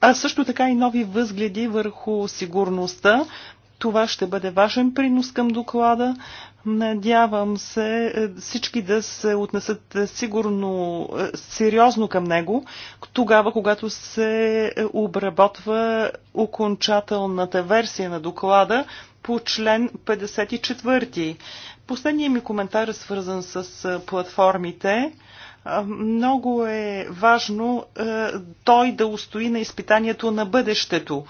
а също така и нови възгледи върху сигурността, това ще бъде важен принос към доклада. Надявам се е, всички да се отнесат е, сигурно, е, сериозно към него, тогава, когато се обработва окончателната версия на доклада по член 54. Последният ми коментар е свързан с платформите. Много е важно е, той да устои на изпитанието на бъдещето,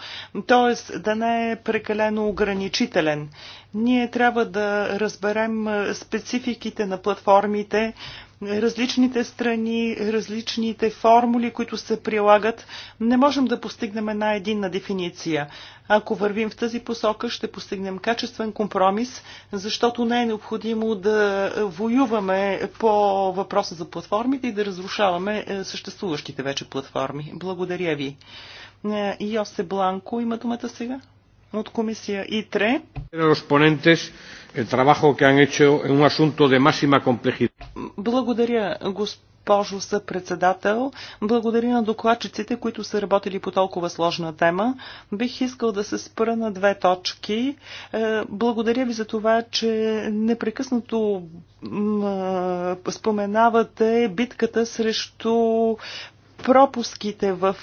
т.е. да не е прекалено ограничителен. Ние трябва да разберем е, спецификите на платформите, различните страни, различните формули, които се прилагат, не можем да постигнем една единна дефиниция. Ако вървим в тази посока, ще постигнем качествен компромис, защото не е необходимо да воюваме по въпроса за платформите и да разрушаваме е, съществуващите вече платформи. Благодаря ви. Е, Йосе Бланко има думата сега от комисия ИТРЕ. Los ponentes, el trabajo que han hecho en un asunto de máxima complejidad. Благодаря, госпожо съпредседател. Благодаря на докладчиците, които са работили по толкова сложна тема. Бих искал да се спра на две точки. Е, благодаря ви за това, че непрекъснато споменавате битката срещу пропуските в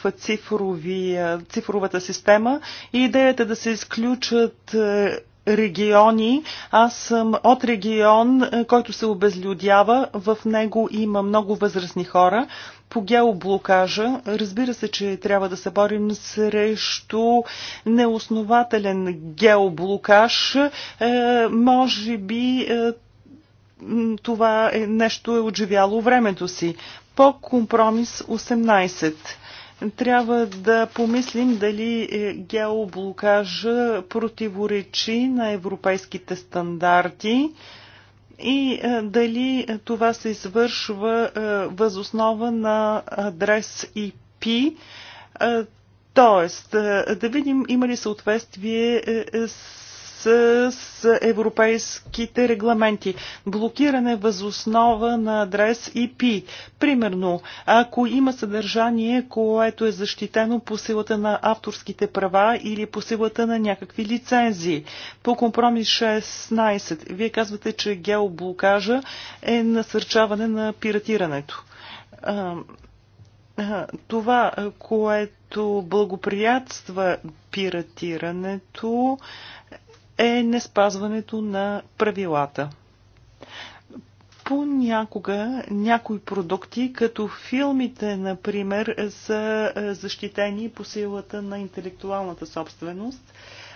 цифровата система и идеята да се изключат е, региони. Аз съм от регион, е, който се обезлюдява. В него има много възрастни хора. По геоблокажа, разбира се, че трябва да се борим срещу неоснователен геоблокаж. Е, може би е, това е, нещо е отживяло времето си. По компромис 18 трябва да помислим дали е, геоблокажа противоречи на европейските стандарти и е, дали е, това се извършва възоснова на адрес IP, т.е. да видим има ли съответствие с с европейските регламенти. Блокиране възоснова на адрес IP. Примерно, ако има съдържание, което е защитено по силата на авторските права или по силата на някакви лицензии. По компромис 16, вие казвате, че геоблокажа е насърчаване на пиратирането това, което благоприятства пиратирането, е неспазването на правилата. Понякога някои продукти, като филмите, например, са е, защитени по силата на интелектуалната собственост.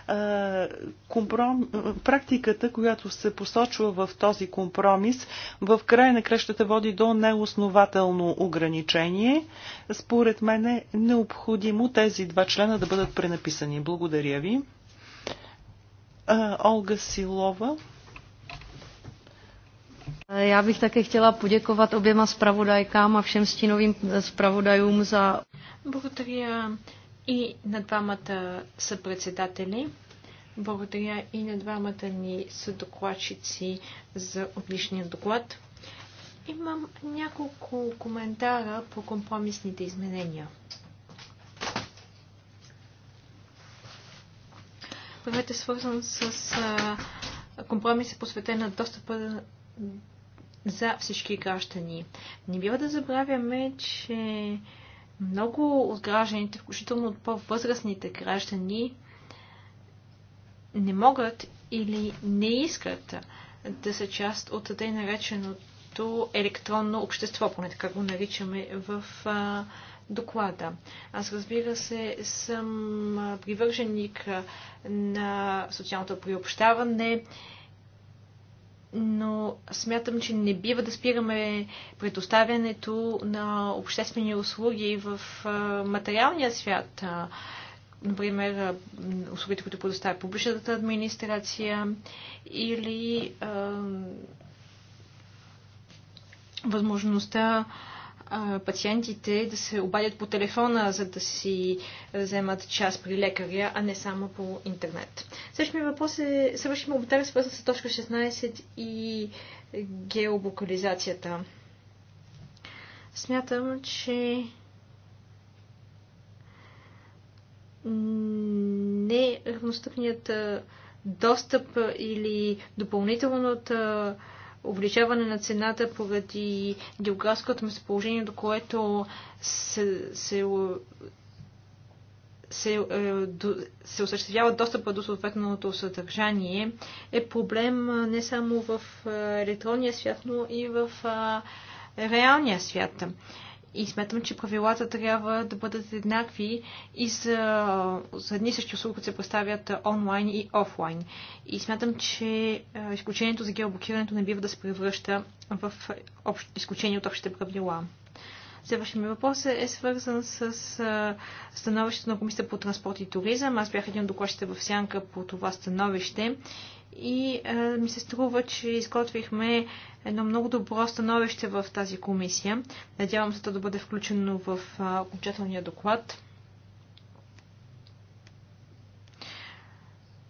Е, компром... Практиката, която се посочва в този компромис, в края на крещата води до неоснователно ограничение. Според мен е необходимо тези два члена да бъдат пренаписани. Благодаря ви. Olga Silova. Já bych také chtěla poděkovat oběma zpravodajkám a všem stínovým zpravodajům za... Благодаря и на двамата съпредседатели. Благодаря и на двамата ни съдокладчици за отличния доклад. Имам няколко коментара по компромисните изменения. Първият е свързан с а, компромис е посветен на достъпа за всички граждани. Не бива да забравяме, че много от гражданите, включително от по-възрастните граждани, не могат или не искат да са част от тъй нареченото електронно общество, поне така го наричаме в а, доклада. Аз разбира се съм привърженик на социалното приобщаване, но смятам, че не бива да спираме предоставянето на обществени услуги в материалния свят. Например, услугите, които предоставя публичната администрация или възможността пациентите да се обадят по телефона, за да си вземат час при лекаря, а не само по интернет. Същия ми въпрос е съвършим обитар е свързан с точка 16 и геобокализацията. Смятам, че не равностъпният достъп или допълнителната увеличаване на цената поради географското местоположение, до което се, се се, е, се осъществява достъпа до съответното съдържание, е проблем не само в електронния свят, но и в реалния свят. И смятам, че правилата трябва да бъдат еднакви и за, за едни същи услуги, които се представят онлайн и офлайн. И смятам, че изключението за геоблокирането не бива да се превръща в общ, изключение от общите правила. Следващия ми въпрос е, е свързан с а, становището на Комисията по транспорт и туризъм. Аз бях един от докладчите в Сянка по това становище и а, е, ми се струва, че изготвихме едно много добро становище в тази комисия. Надявам се то да бъде включено в а, е, окончателния доклад.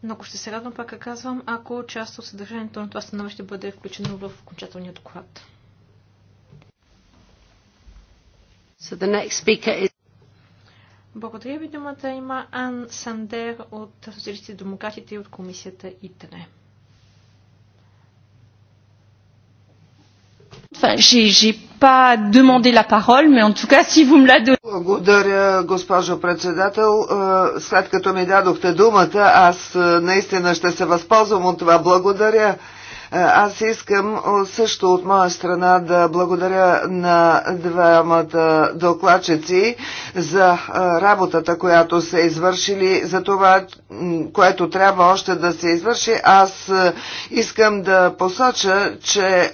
Много ще се радвам, пак казвам, ако част от съдържанието на това становище бъде включено в окончателния доклад. So the next speaker is... Благодаря ви, думата има Ан Сандер от Социалистите демократите и от комисията ИТРЕ. Благодаря, госпожо председател. Е, след като ми дадохте думата, аз е, наистина ще се възползвам от това. Благодаря е, аз искам също от моя страна да благодаря на двамата докладчици за е, работата, която са извършили, за това, което трябва още да се извърши. Аз е, искам да посоча, че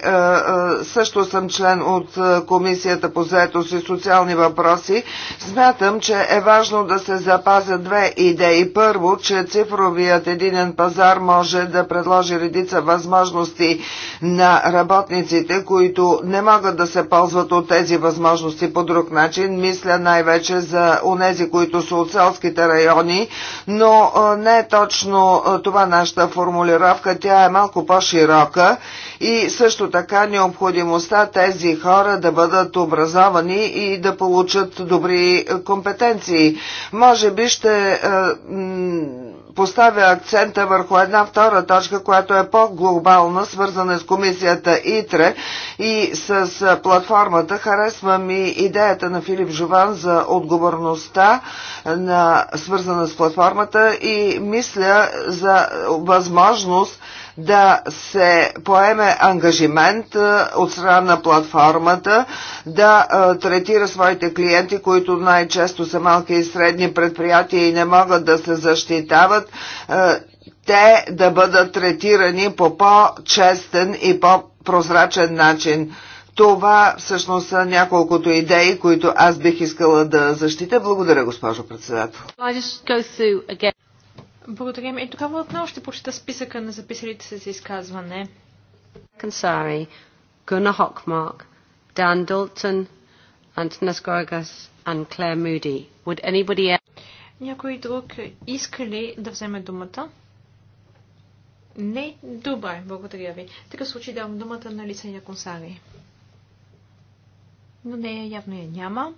също съм член от Комисията по заетост и социални въпроси. Смятам, че е важно да се запазят две идеи. Първо, че цифровият единен пазар може да предложи редица възможности възможности на работниците, които не могат да се ползват от тези възможности по друг начин. Мисля най-вече за онези, които са от селските райони, но не е точно това нашата формулировка. Тя е малко по-широка и също така необходимостта тези хора да бъдат образовани и да получат добри компетенции. Може би ще е, поставя акцента върху една втора точка, която е по-глобална, свързана с комисията ИТРЕ и с платформата. Харесва ми идеята на Филип Жован за отговорността, на, свързана с платформата и мисля за възможност да се поеме ангажимент е, от страна на платформата да е, третира своите клиенти, които най-често са малки и средни предприятия и не могат да се защитават, е, те да бъдат третирани по по-честен и по-прозрачен начин. Това всъщност са няколкото идеи, които аз бих искала да защита. Благодаря, госпожо председател. Благодаря. И тогава отново ще почита списъка на записалите се за изказване. Кансари, Гуна Хокмарк, Дан Долтън, Антонес Горгас и Клер Муди. Някой друг иска ли да вземе думата? Не? Добре, благодаря ви. В такъв случай давам думата на на Консари. Но нея явно я няма.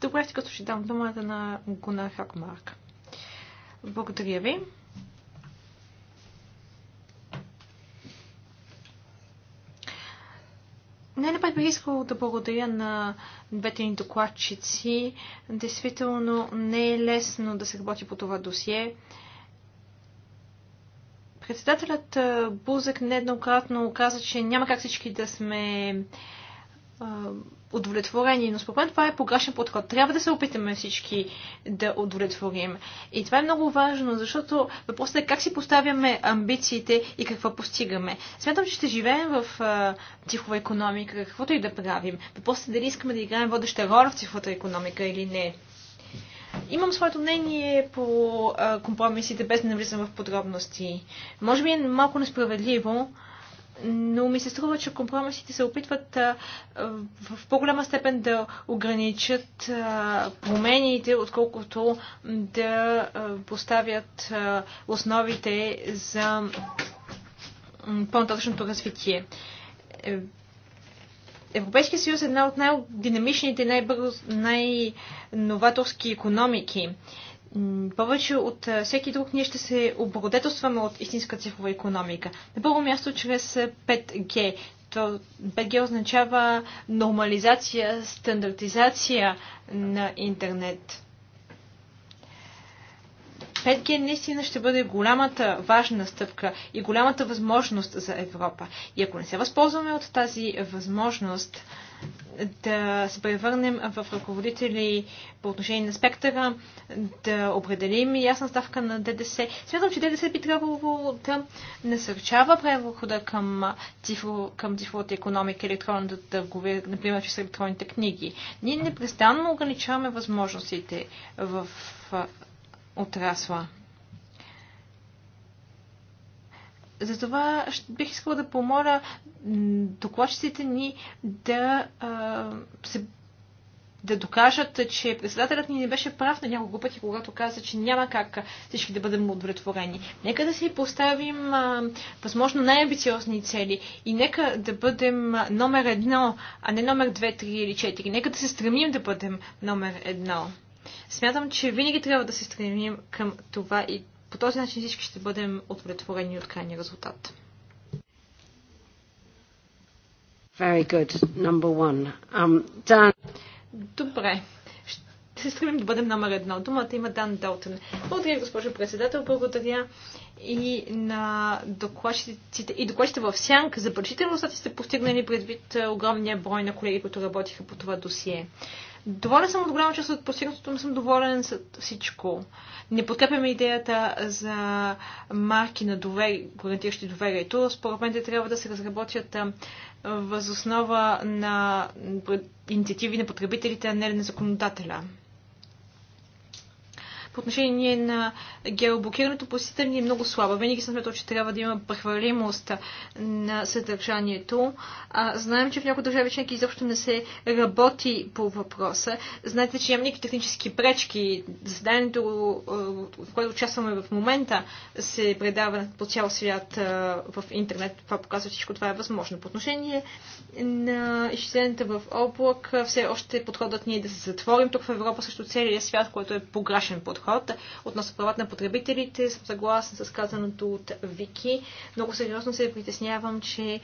Добре, в такъв случай давам думата на Гуна Хокмарк. Благодаря ви. Най-напред бих искал да благодаря на двете ни докладчици. Действително не е лесно да се работи по това досие. Председателят Бузък нееднократно каза, че няма как всички да сме удовлетворени, но според мен това е погрешен подход. Трябва да се опитаме всички да удовлетворим. И това е много важно, защото въпросът е как си поставяме амбициите и какво постигаме. Смятам, че ще живеем в а, цифрова економика, каквото и да правим. Въпросът е дали искаме да играем водеща роля в цифровата економика или не. Имам своето мнение по а, компромисите, без да навлизам в подробности. Може би е малко несправедливо, но ми се струва, че компромисите се опитват а, в по-голяма степен да ограничат а, промените, отколкото да а, поставят а, основите за по-нататъчното развитие. Е, Европейския съюз е една от най-динамичните, най-новаторски най економики повече от всеки друг ние ще се облагодетелстваме от истинска цифрова економика. На първо място чрез 5G. То 5G означава нормализация, стандартизация на интернет. 5G наистина ще бъде голямата важна стъпка и голямата възможност за Европа. И ако не се възползваме от тази възможност да се превърнем в ръководители по отношение на спектъра, да определим ясна ставка на ДДС. Смятам, че ДДС би трябвало да насърчава превода към, цифро, към цифровата економика, електронната търговия, например, чрез електронните книги. Ние непрестанно ограничаваме възможностите в отрасла. Затова бих искала да помоля докладчиците ни да а, се да докажат, че председателят ни не беше прав на няколко пъти, когато каза, че няма как всички да бъдем удовлетворени. Нека да си поставим а, възможно най-амбициозни цели и нека да бъдем номер едно, а не номер две, три или четири. Нека да се стремим да бъдем номер едно. Смятам, че винаги трябва да се стремим към това и по този начин всички ще бъдем удовлетворени от крайния резултат. Very good. Number one. Um, Dan... Добре. Ще се стремим да бъдем номер едно. Думата има Дан Далтен. Благодаря, госпожо председател. Благодаря и на докладчиците и докладчите в Сянка. За пърчителността сте постигнали предвид огромния брой на колеги, които работиха по това досие. Доволен съм от голяма част от постигнатото, но съм доволен с всичко. Не подкрепяме идеята за марки на довери, гарантиращи доверието. Според мен те трябва да се разработят възоснова на инициативи на потребителите, а не на законодателя по отношение на геоблокирането посетите ни е много слаба. Винаги съм смятал, че трябва да има прехвалимост на съдържанието. А, знаем, че в някои държави членки изобщо не се работи по въпроса. Знаете, че имам някакви технически пречки. Заседанието, е, в което участваме в момента, се предава по цял свят е, в интернет. Това показва, че всичко това е възможно. По отношение на изчисленията в облак, е, все още подходът ни е да се затворим тук в Европа срещу целия свят, което е погрешен подход подход. Относно правата на потребителите, съм съгласна с казаното от Вики. Много сериозно се притеснявам, че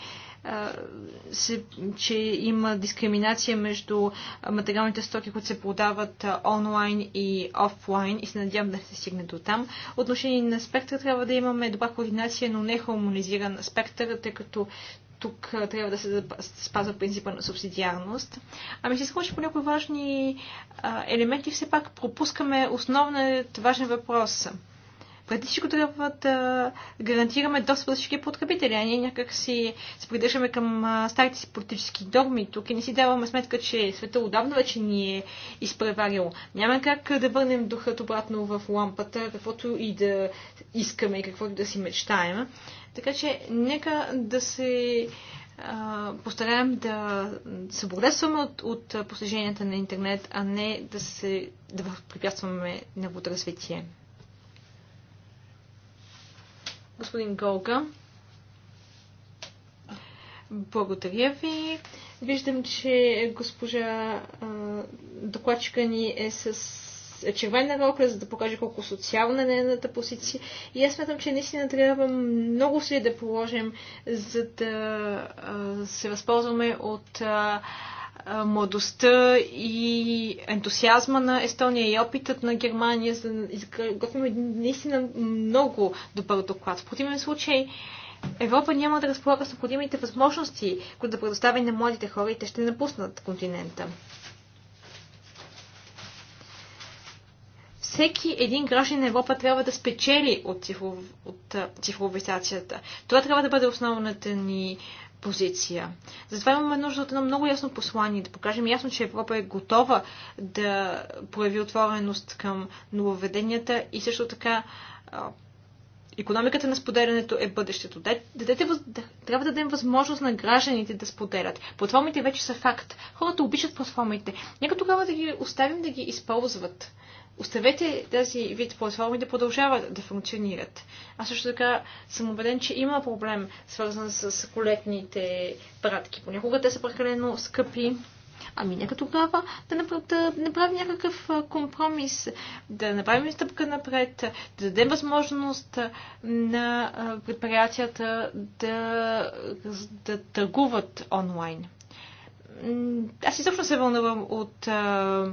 се, че има дискриминация между материалните стоки, които се продават онлайн и офлайн и се надявам да се стигне до там. Отношение на спектър трябва да имаме добра координация, но не хармонизиран спектър, тъй като тук трябва да се спазва принципа на субсидиарност. Ами се случва по някои важни елементи, все пак пропускаме основният важен въпрос. Преди всичко трябва да гарантираме достъп до всички потребители, а ние някак си се придържаме към старите си политически догми тук и не си даваме сметка, че света отдавна вече ни е изпреварил. Няма как да върнем духът обратно в лампата, каквото и да искаме и каквото и да си мечтаем. Така че нека да се постараем да се благодарстваме от, от постиженията на интернет, а не да се да препятстваме неговото развитие. Господин Голга, благодаря ви. Виждам, че госпожа докладчика ни е с червена рокля, за да покаже колко социална е нейната позиция. И аз смятам, че наистина трябва много си да положим, за да се възползваме от младостта и ентусиазма на Естония и опитът на Германия, за да изготвим наистина много добър доклад. В противен случай, Европа няма да разполага с необходимите възможности, които да предостави на младите хора и те ще напуснат континента. всеки един граждан на Европа трябва да спечели от, цифров, от цифровизацията. Това трябва да бъде основната ни позиция. Затова имаме нужда от едно много ясно послание, да покажем ясно, че Европа е готова да прояви отвореност към нововведенията и също така Економиката на споделянето е бъдещето. Дадете, трябва да дадем възможност на гражданите да споделят. Платформите вече са факт. Хората обичат платформите. Нека тогава да ги оставим да ги използват оставете тези вид платформи да продължават да функционират. Аз също така съм убеден, че има проблем, свързан с колетните пратки. Понякога те са прекалено скъпи. Ами нека тогава да, направим, да направим някакъв компромис, да направим стъпка напред, да дадем възможност на предприятията да, да търгуват онлайн. Аз изобщо се вълнувам от а,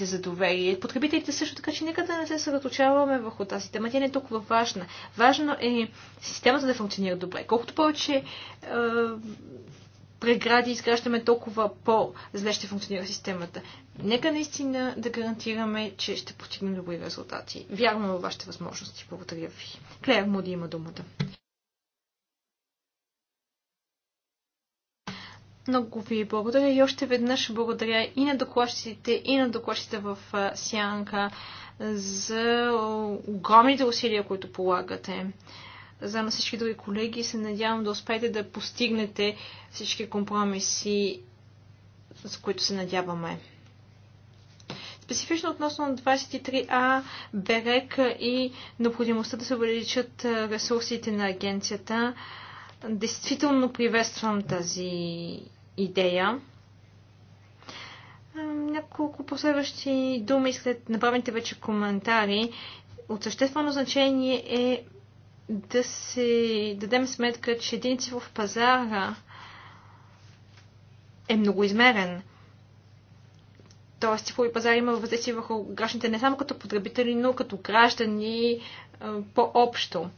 за доверие. Потребителите също така, че нека да не се съсредоточаваме върху тази тема. Тя не е толкова важна. Важно е системата да функционира добре. Колкото повече а, прегради изграждаме, толкова по-зле ще функционира системата. Нека наистина да гарантираме, че ще постигнем добри резултати. Вярваме във вашите възможности. Благодаря ви. Клеер да има думата. Много ви благодаря и още веднъж благодаря и на докладчиците, и на докладчиците в Сянка за огромните усилия, които полагате. За на всички други колеги се надявам да успеете да постигнете всички компромиси, с които се надяваме. Специфично относно 23А, БЕРЕК и необходимостта да се увеличат ресурсите на агенцията, действително приветствам тази идея. Няколко последващи думи след направените вече коментари. От съществено значение е да се дадем сметка, че един цифров пазар е многоизмерен. Тоест, цифрови пазар има въздействие върху гражданите не само като потребители, но като граждани по-общо.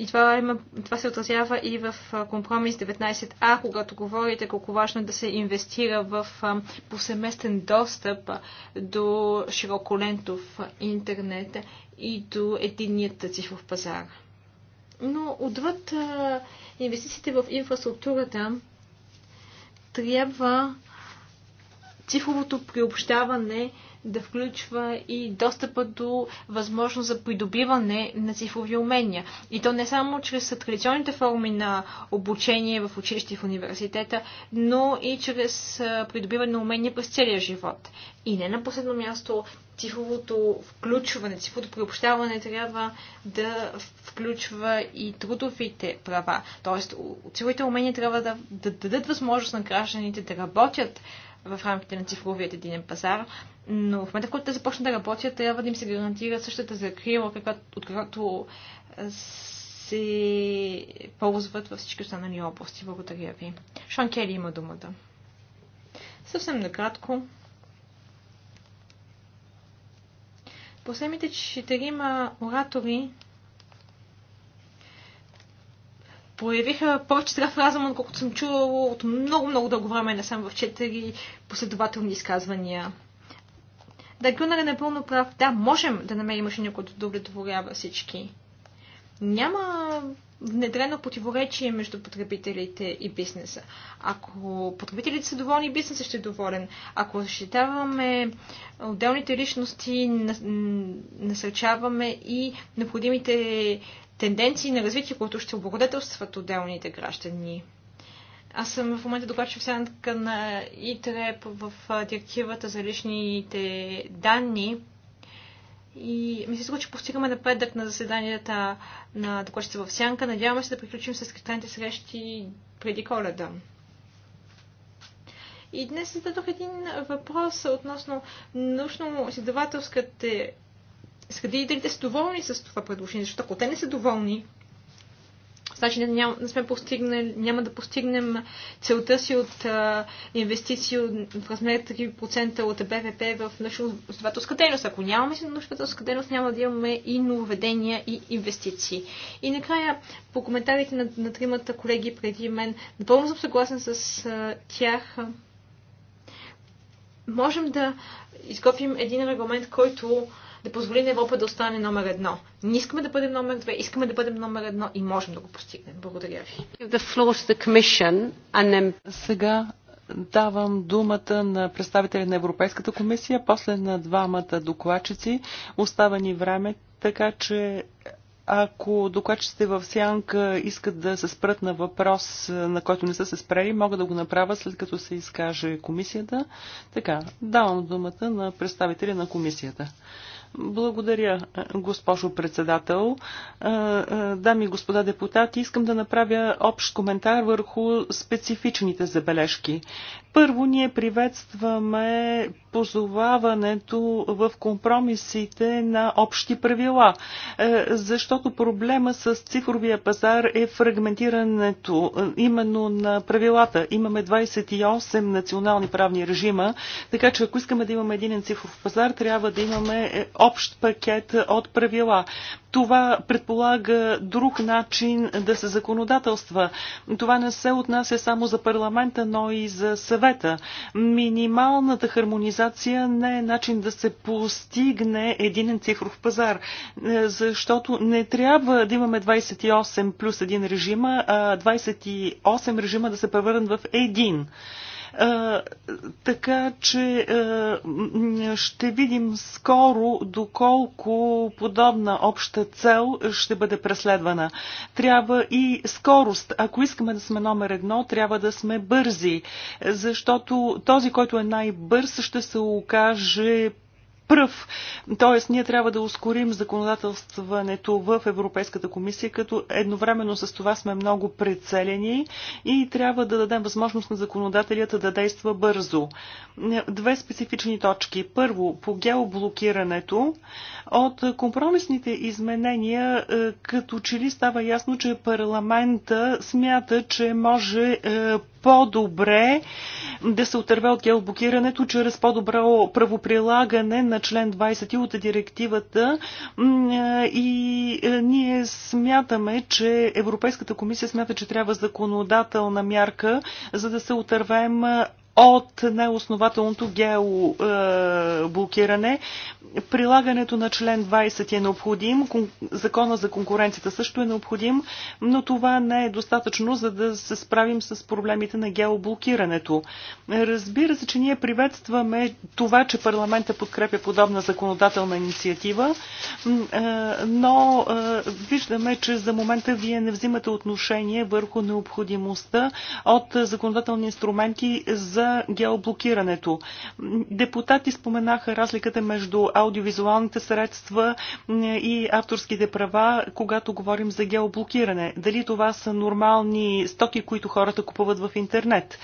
И това, има, това се отразява и в компромис 19А, когато говорите колко важно е да се инвестира в повсеместен достъп до широколентов интернет и до единният цифров пазар. Но отвъд инвестициите в инфраструктурата, трябва цифровото приобщаване да включва и достъпа до възможност за придобиване на цифрови умения. И то не само чрез традиционните форми на обучение в училище и в университета, но и чрез придобиване на умения през целия живот. И не на последно място, цифровото включване, цифровото приобщаване трябва да включва и трудовите права. Тоест, цифровите умения трябва да, да дадат възможност на гражданите да работят в рамките на цифровият единен пазар, но в момента, в който те започнат да работят, трябва да им се гарантира същата закрила, от която се ползват във всички останали области. Благодаря ви. Шон Кели има думата. Съвсем накратко. Последните четирима оратори Появиха повече здрав разум, колкото съм чувала от много-много дълго време, не съм в четири последователни изказвания. Да, Гюнър е напълно прав. Да, можем да намерим машина, която да удовлетворява всички. Няма внедрено противоречие между потребителите и бизнеса. Ако потребителите са доволни, бизнесът ще е доволен. Ако защитаваме отделните личности, насърчаваме и необходимите тенденции на развитие, които ще облагодетелстват отделните граждани. Аз съм в момента докладчик сянка на ИТРЕП в директивата за личните данни и ми се случи, че постигаме напредък на заседанията на докладчица в Сянка. Надяваме се да приключим с кристалните срещи преди коледа. И днес зададох един въпрос относно научно-изследователските среди и дали те са доволни с това предложение, защото ако те не са доволни, значи няма, не сме постигнали, няма да постигнем целта си от а, инвестиции в размер 3% от БВП в научно-изследователска дейност. Ако нямаме научно-изследователска дейност, няма да имаме и нововедения и инвестиции. И накрая, по коментарите на, на тримата колеги преди мен, напълно съм съгласен с а, тях. Можем да изготвим един регламент, който а, да позволи на Европа да остане номер едно. Не искаме да бъдем номер две, искаме да бъдем номер едно и можем да го постигнем. Благодаря ви. Then... Сега давам думата на представители на Европейската комисия, после на двамата докладчици. Остава ни време, така че ако докладчиците в Сянка искат да се спрат на въпрос, на който не са се спрели, могат да го направят след като се изкаже комисията. Така, давам думата на представители на комисията. Благодаря, госпожо председател. Дами и господа депутати, искам да направя общ коментар върху специфичните забележки. Първо, ние приветстваме позоваването в компромисите на общи правила, защото проблема с цифровия пазар е фрагментирането именно на правилата. Имаме 28 национални правни режима, така че ако искаме да имаме един цифров пазар, трябва да имаме общ пакет от правила. Това предполага друг начин да се законодателства. Това не се отнася само за парламента, но и за съвета. Минималната хармонизация не е начин да се постигне един цифров пазар, е, защото не трябва да имаме 28 плюс един режима, а 28 режима да се превърнат в един. Така че ще видим скоро доколко подобна обща цел ще бъде преследвана. Трябва и скорост. Ако искаме да сме номер едно, трябва да сме бързи, защото този, който е най-бърз, ще се окаже пръв. Тоест, ние трябва да ускорим законодателстването в Европейската комисия, като едновременно с това сме много прецелени и трябва да дадем възможност на законодателята да действа бързо. Две специфични точки. Първо, по геоблокирането. От компромисните изменения, е, като че ли става ясно, че парламента смята, че може е, по-добре да се отърве от геоблокирането чрез по-добро правоприлагане на член 20 от директивата и е, ние смятаме, че Европейската комисия смята, че трябва законодателна мярка, за да се отървем е, от неоснователното геоблокиране. Прилагането на член 20 е необходим, закона за конкуренцията също е необходим, но това не е достатъчно, за да се справим с проблемите на геоблокирането. Разбира се, че ние приветстваме това, че парламента подкрепя подобна законодателна инициатива, е, но е, виждаме, че за момента вие не взимате отношение върху необходимостта от законодателни инструменти за за геоблокирането. Депутати споменаха разликата между аудиовизуалните средства и авторските права, когато говорим за геоблокиране. Дали това са нормални стоки, които хората купуват в интернет?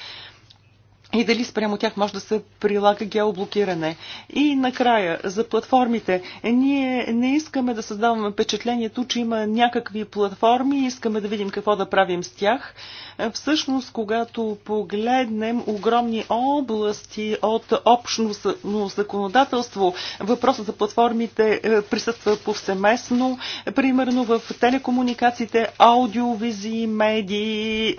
и дали спрямо тях може да се прилага геоблокиране. И накрая, за платформите. Ние не искаме да създаваме впечатлението, че има някакви платформи, искаме да видим какво да правим с тях. Е, всъщност, когато погледнем огромни области от общностно законодателство, въпросът за платформите е, присъства повсеместно. Примерно в телекомуникациите, аудиовизии, медии, е,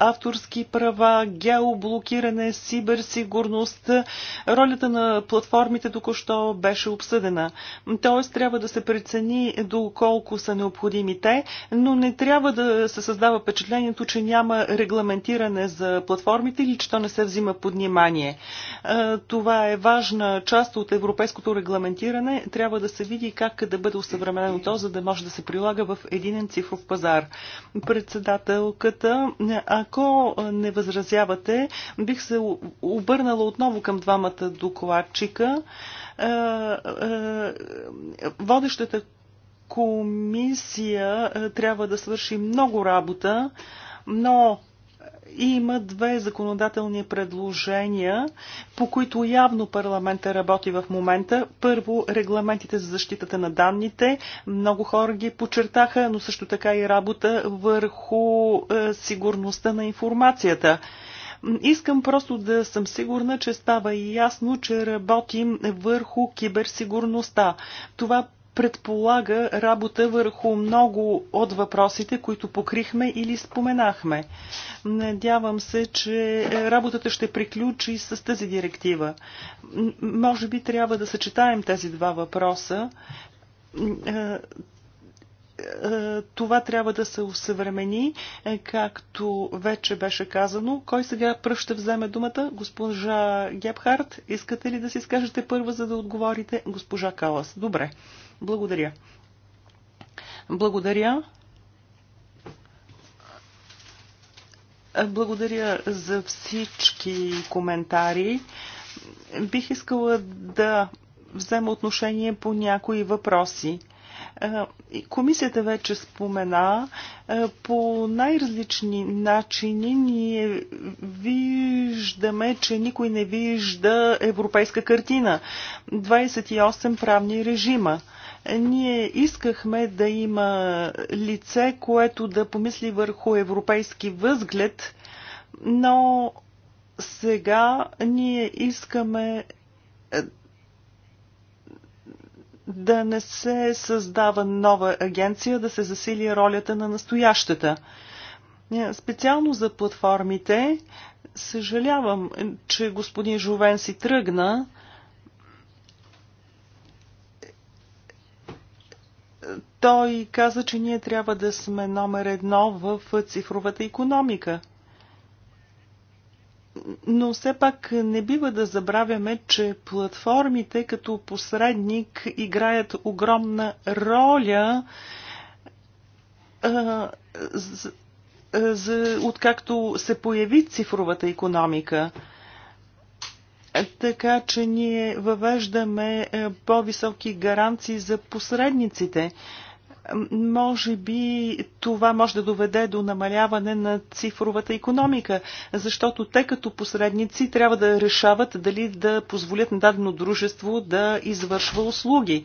авторски права, геоблокиране, финансиране, сиберсигурност. Ролята на платформите току-що беше обсъдена. Тоест трябва да се прецени доколко са необходими те, но не трябва да се създава впечатлението, че няма регламентиране за платформите или че то не се взима под внимание. Това е важна част от европейското регламентиране. Трябва да се види как да бъде усъвременено то, за да може да се прилага в един цифров пазар. Председателката, ако не възразявате, бих се се обърнала отново към двамата докладчика. Е, е, водещата комисия е, трябва да свърши много работа, но има две законодателни предложения, по които явно парламента работи в момента. Първо, регламентите за защитата на данните. Много хора ги подчертаха, но също така и работа върху сигурността на информацията. Искам просто да съм сигурна, че става ясно, че работим върху киберсигурността. Това предполага работа върху много от въпросите, които покрихме или споменахме. Надявам се, че работата ще приключи с тази директива. Може би трябва да съчетаем тези два въпроса е, е, това трябва да се усъвремени, е, както вече беше казано. Кой сега пръв ще вземе думата? Госпожа Гебхарт, искате ли да си скажете първа, за да отговорите? Госпожа Калас. Добре. Благодаря. Благодаря. Благодаря за всички коментари. Бих искала да взема отношение по някои въпроси. Комисията вече спомена, по най-различни начини ние виждаме, че никой не вижда европейска картина. 28 правни режима ние искахме да има лице, което да помисли върху европейски възглед, но сега ние искаме да не се създава нова агенция, да се засили ролята на настоящата. Е, специално за платформите, съжалявам, че господин Жовен си тръгна. Той каза, че ние трябва да сме номер едно в цифровата економика – но все пак не бива да забравяме, че платформите като посредник играят огромна роля за, откакто се появи цифровата економика. Така че ние въвеждаме по-високи гаранции за посредниците може би това може да доведе до намаляване на цифровата економика, защото те като посредници трябва да решават дали да позволят на дадено дружество да извършва услуги.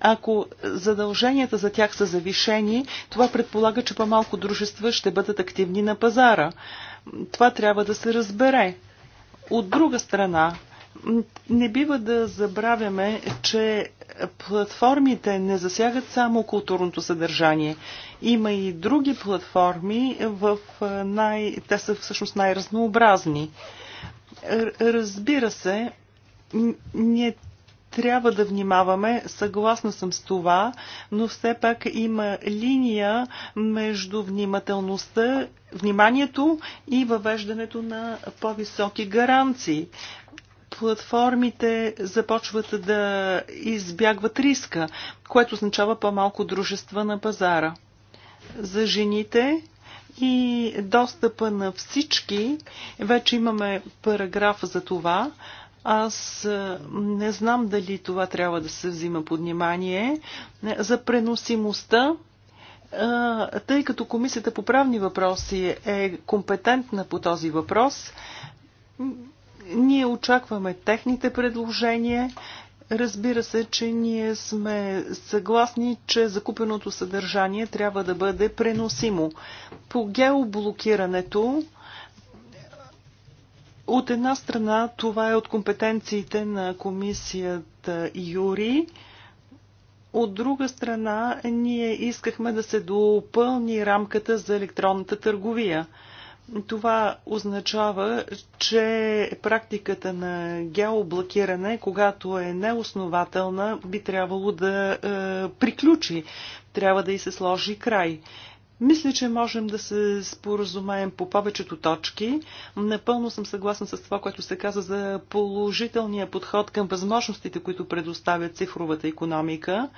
Ако задълженията за тях са завишени, това предполага, че по-малко дружества ще бъдат активни на пазара. Това трябва да се разбере. От друга страна, не бива да забравяме, че платформите не засягат само културното съдържание. Има и други платформи, в най... те са всъщност най-разнообразни. Разбира се, ние трябва да внимаваме, съгласна съм с това, но все пак има линия между внимателността, вниманието и въвеждането на по-високи гаранции платформите започват да избягват риска, което означава по-малко дружества на пазара. За жените и достъпа на всички, вече имаме параграф за това. Аз е, не знам дали това трябва да се взима под внимание. За преносимостта е, тъй като Комисията по правни въпроси е компетентна по този въпрос, ние очакваме техните предложения. Разбира се, че ние сме съгласни, че закупеното съдържание трябва да бъде преносимо. По геоблокирането, от една страна, това е от компетенциите на комисията Юри. От друга страна, ние искахме да се допълни рамката за електронната търговия. Това означава, че практиката на геоблокиране, когато е неоснователна, би трябвало да е, приключи. Трябва да и се сложи край. Мисля, че можем да се споразумеем по повечето точки. Напълно съм съгласна с това, което се каза за положителния подход към възможностите, които предоставя цифровата економика.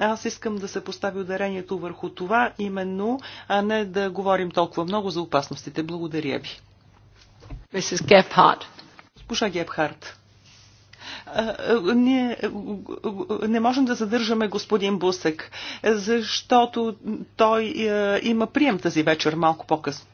Аз искам да се постави ударението върху това именно, а не да говорим толкова много за опасностите. Благодаря ви. Госпожа Гебхарт. Ние не можем да задържаме господин Бусек, защото той има прием тази вечер малко по-късно.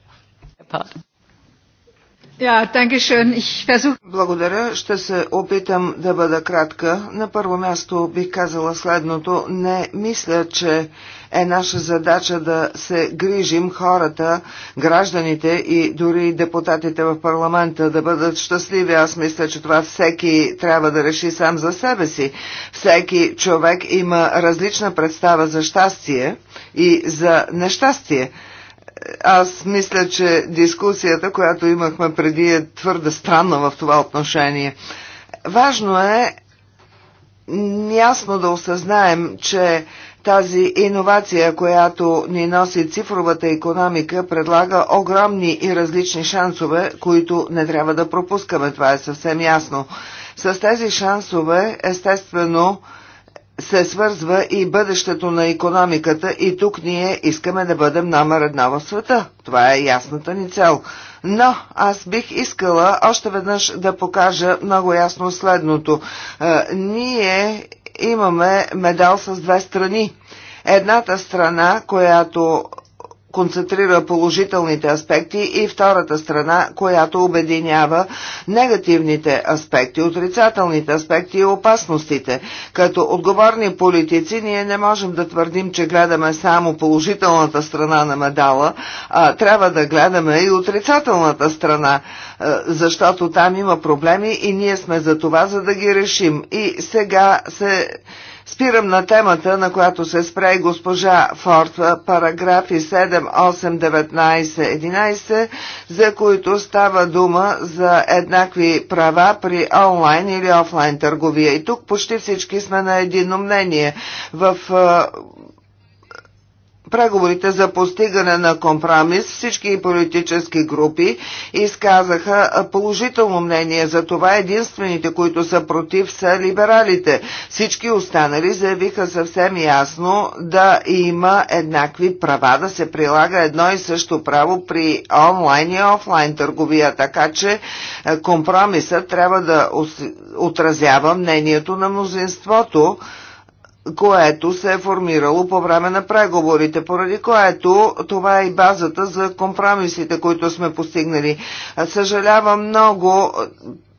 Благодаря. Ще се опитам да бъда кратка. На първо място бих казала следното. Не мисля, че е наша задача да се грижим хората, гражданите и дори депутатите в парламента да бъдат щастливи. Аз мисля, че това всеки трябва да реши сам за себе си. Всеки човек има различна представа за щастие и за нещастие аз мисля, че дискусията, която имахме преди е твърде странна в това отношение. Важно е ясно да осъзнаем, че тази иновация, която ни носи цифровата економика, предлага огромни и различни шансове, които не трябва да пропускаме. Това е съвсем ясно. С тези шансове, естествено, се свързва и бъдещето на економиката и тук ние искаме да бъдем номер една в света. Това е ясната ни цел. Но аз бих искала още веднъж да покажа много ясно следното. Е, ние имаме медал с две страни. Едната страна, която концентрира положителните аспекти и втората страна, която обединява негативните аспекти, отрицателните аспекти и опасностите. Като отговорни политици ние не можем да твърдим, че гледаме само положителната страна на медала, а трябва да гледаме и отрицателната страна, е, защото там има проблеми и ние сме за това, за да ги решим. И сега се Спирам на темата, на която се спре госпожа Форт, параграфи 7, 8, 19, 11, за които става дума за еднакви права при онлайн или офлайн търговия. И тук почти всички сме на едино мнение. В е, преговорите за постигане на компромис всички политически групи изказаха положително мнение за това. Единствените, които са против, са либералите. Всички останали заявиха съвсем ясно да има еднакви права, да се прилага едно и също право при онлайн и офлайн търговия, така че е, компромисът трябва да отразява мнението на мнозинството което се е формирало по време на преговорите, поради което това е и базата за компромисите, които сме постигнали. Съжалявам много,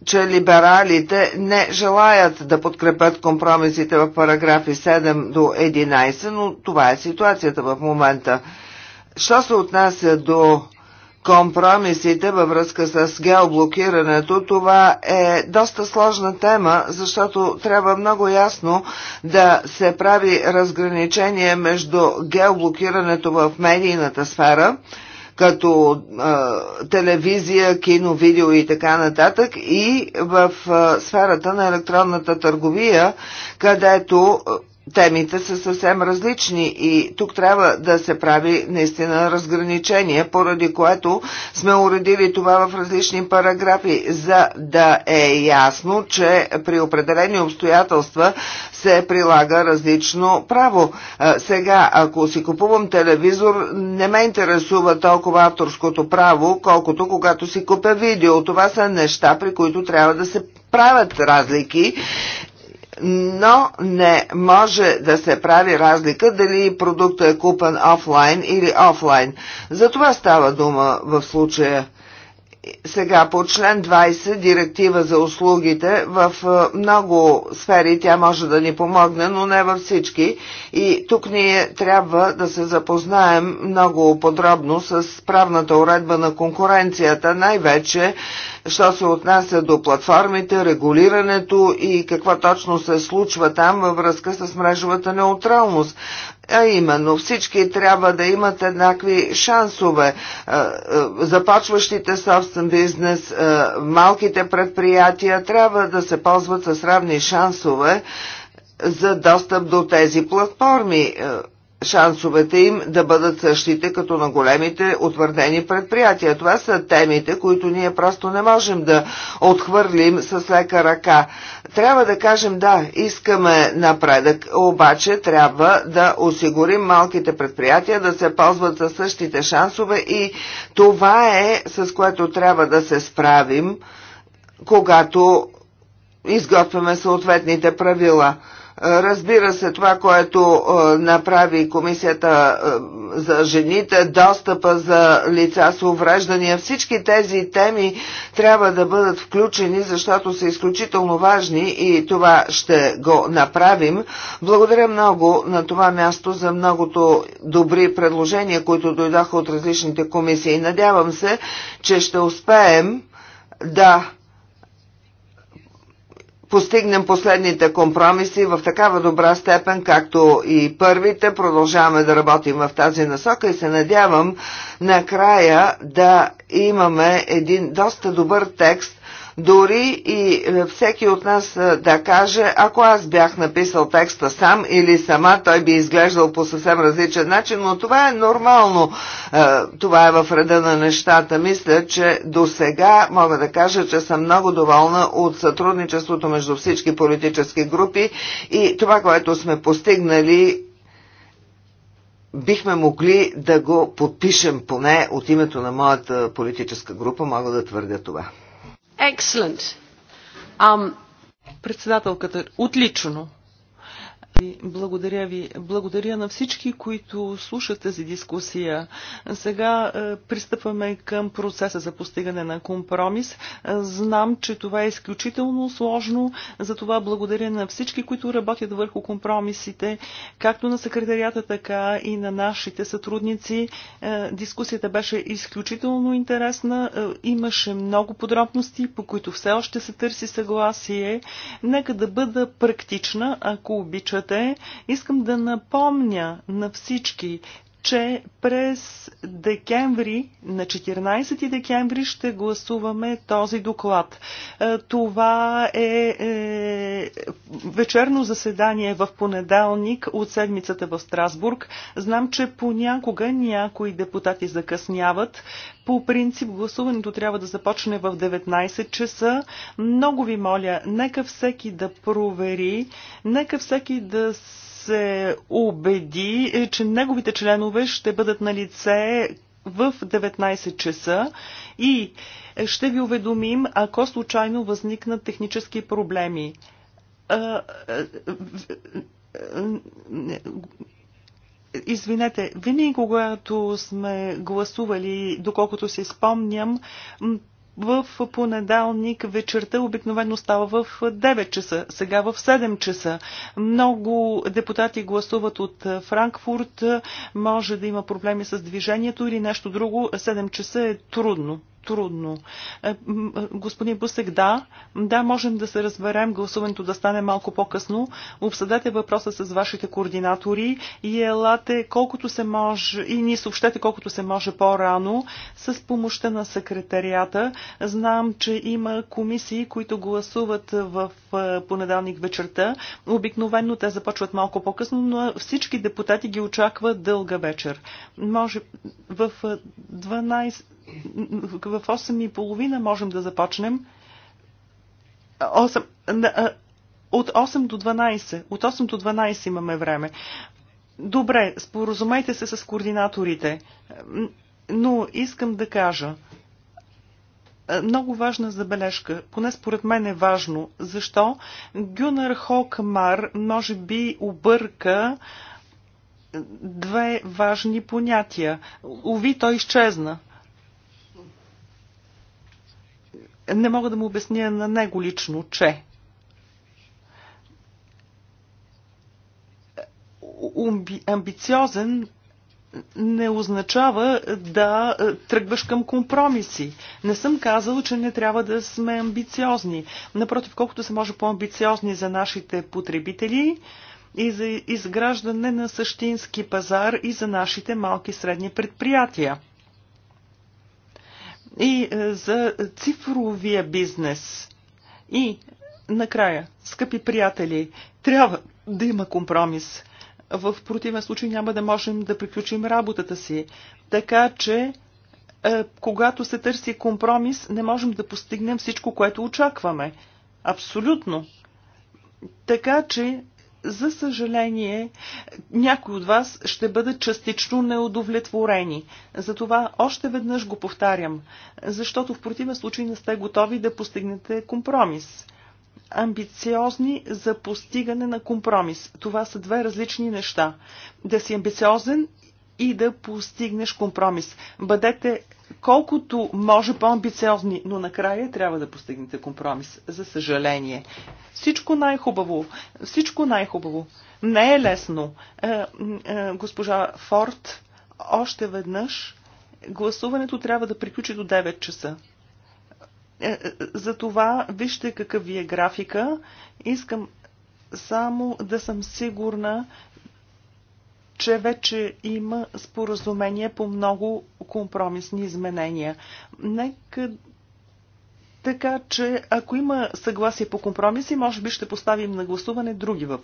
че либералите не желаят да подкрепят компромисите в параграфи 7 до 11, но това е ситуацията в момента. Що се отнася до компромисите във връзка с геоблокирането. Това е доста сложна тема, защото трябва много ясно да се прави разграничение между геоблокирането в медийната сфера, като е, телевизия, кино, видео и така нататък, и в е, сферата на електронната търговия, където е, темите са съвсем различни и тук трябва да се прави наистина разграничение, поради което сме уредили това в различни параграфи, за да е ясно, че при определени обстоятелства се прилага различно право. Сега, ако си купувам телевизор, не ме интересува толкова авторското право, колкото когато си купя видео. Това са неща, при които трябва да се правят разлики но не може да се прави разлика дали продукта е купен офлайн или офлайн. За това става дума в случая сега по член 20 директива за услугите в е, много сфери тя може да ни помогне, но не във всички. И тук ние трябва да се запознаем много подробно с правната уредба на конкуренцията, най-вече що се отнася до платформите, регулирането и какво точно се случва там във връзка с мрежовата неутралност а именно всички трябва да имат еднакви шансове. Започващите собствен бизнес, малките предприятия трябва да се ползват с равни шансове за достъп до тези платформи шансовете им да бъдат същите като на големите утвърдени предприятия. Това са темите, които ние просто не можем да отхвърлим с лека ръка трябва да кажем да, искаме напредък, обаче трябва да осигурим малките предприятия да се ползват със същите шансове и това е с което трябва да се справим, когато изготвяме съответните правила. Разбира се, това, което направи комисията за жените, достъпа за лица с увреждания, всички тези теми трябва да бъдат включени, защото са изключително важни и това ще го направим. Благодаря много на това място за многото добри предложения, които дойдаха от различните комисии. Надявам се, че ще успеем да постигнем последните компромиси в такава добра степен, както и първите. Продължаваме да работим в тази насока и се надявам накрая да имаме един доста добър текст, дори и е, всеки от нас е, да каже, ако аз бях написал текста сам или сама, той би изглеждал по съвсем различен начин, но това е нормално. Е, това е в реда на нещата. Мисля, че до сега мога да кажа, че съм много доволна от сътрудничеството между всички политически групи и това, което сме постигнали бихме могли да го подпишем поне от името на моята политическа група, мога да твърдя това. Excellent. Um... Председателката, отлично. Благодаря ви. Благодаря на всички, които слушат тази дискусия. Сега е, пристъпваме към процеса за постигане на компромис. Е, знам, че това е изключително сложно, затова благодаря на всички, които работят върху компромисите, както на секретарията, така и на нашите сътрудници. Е, дискусията беше изключително интересна. Е, имаше много подробности, по които все още се търси съгласие. Нека да бъда практична, ако обичате обсъждате, искам да напомня на всички, че през декември, на 14 декември ще гласуваме този доклад. Е, това е, е, вечерно заседание в понеделник от седмицата в Страсбург. Знам, че понякога някои депутати закъсняват. По принцип гласуването трябва да започне в 19 часа. Много ви моля, нека всеки да провери, нека всеки да се убеди, е, че неговите членове ще бъдат на лице в 19 часа и ще ви уведомим, ако случайно възникнат технически проблеми. Извинете, винаги когато сме гласували, доколкото си спомням, в понеделник вечерта обикновено става в 9 часа, сега в 7 часа. Много депутати гласуват от Франкфурт, може да има проблеми с движението или нещо друго. 7 часа е трудно трудно. Е, е, господин Бусек, да, да, можем да се разберем, гласуването да стане малко по-късно. Обсъдете въпроса с вашите координатори и елате колкото се може и ни съобщете колкото се може по-рано с помощта на секретарията. Знам, че има комисии, които гласуват в е, понеделник вечерта. Обикновено те започват малко по-късно, но всички депутати ги очакват дълга вечер. Може в 12 в 8 и половина можем да започнем. 8, от 8 до 12. От 8 до 12 имаме време. Добре, споразумейте се с координаторите. Но искам да кажа, много важна забележка, поне според мен е важно. Защо? Гюнар Хокмар може би обърка две важни понятия. Ови, той изчезна. не мога да му обясня на него лично, че амбициозен не означава да е, тръгваш към компромиси. Не съм казала, че не трябва да сме амбициозни. Напротив, колкото се може по-амбициозни за нашите потребители и за изграждане на същински пазар и за нашите малки и средни предприятия и е, за цифровия бизнес. И накрая, скъпи приятели, трябва да има компромис. В противен случай няма да можем да приключим работата си. Така че, е, когато се търси компромис, не можем да постигнем всичко, което очакваме. Абсолютно. Така че за съжаление, някои от вас ще бъдат частично неудовлетворени. Затова още веднъж го повтарям, защото в противен случай не сте готови да постигнете компромис. Амбициозни за постигане на компромис. Това са две различни неща. Да си амбициозен и да постигнеш компромис. Бъдете колкото може по-амбициозни, но накрая трябва да постигнете компромис. За съжаление. Всичко най-хубаво. Всичко най-хубаво. Не е лесно. Е, е, госпожа Форд, още веднъж, гласуването трябва да приключи до 9 часа. Е, е, за това вижте какъв ви е графика. Искам само да съм сигурна, че вече има споразумение по много компромисни изменения. Нека така че, ако има съгласие по компромиси, може би ще поставим на гласуване други въпроси.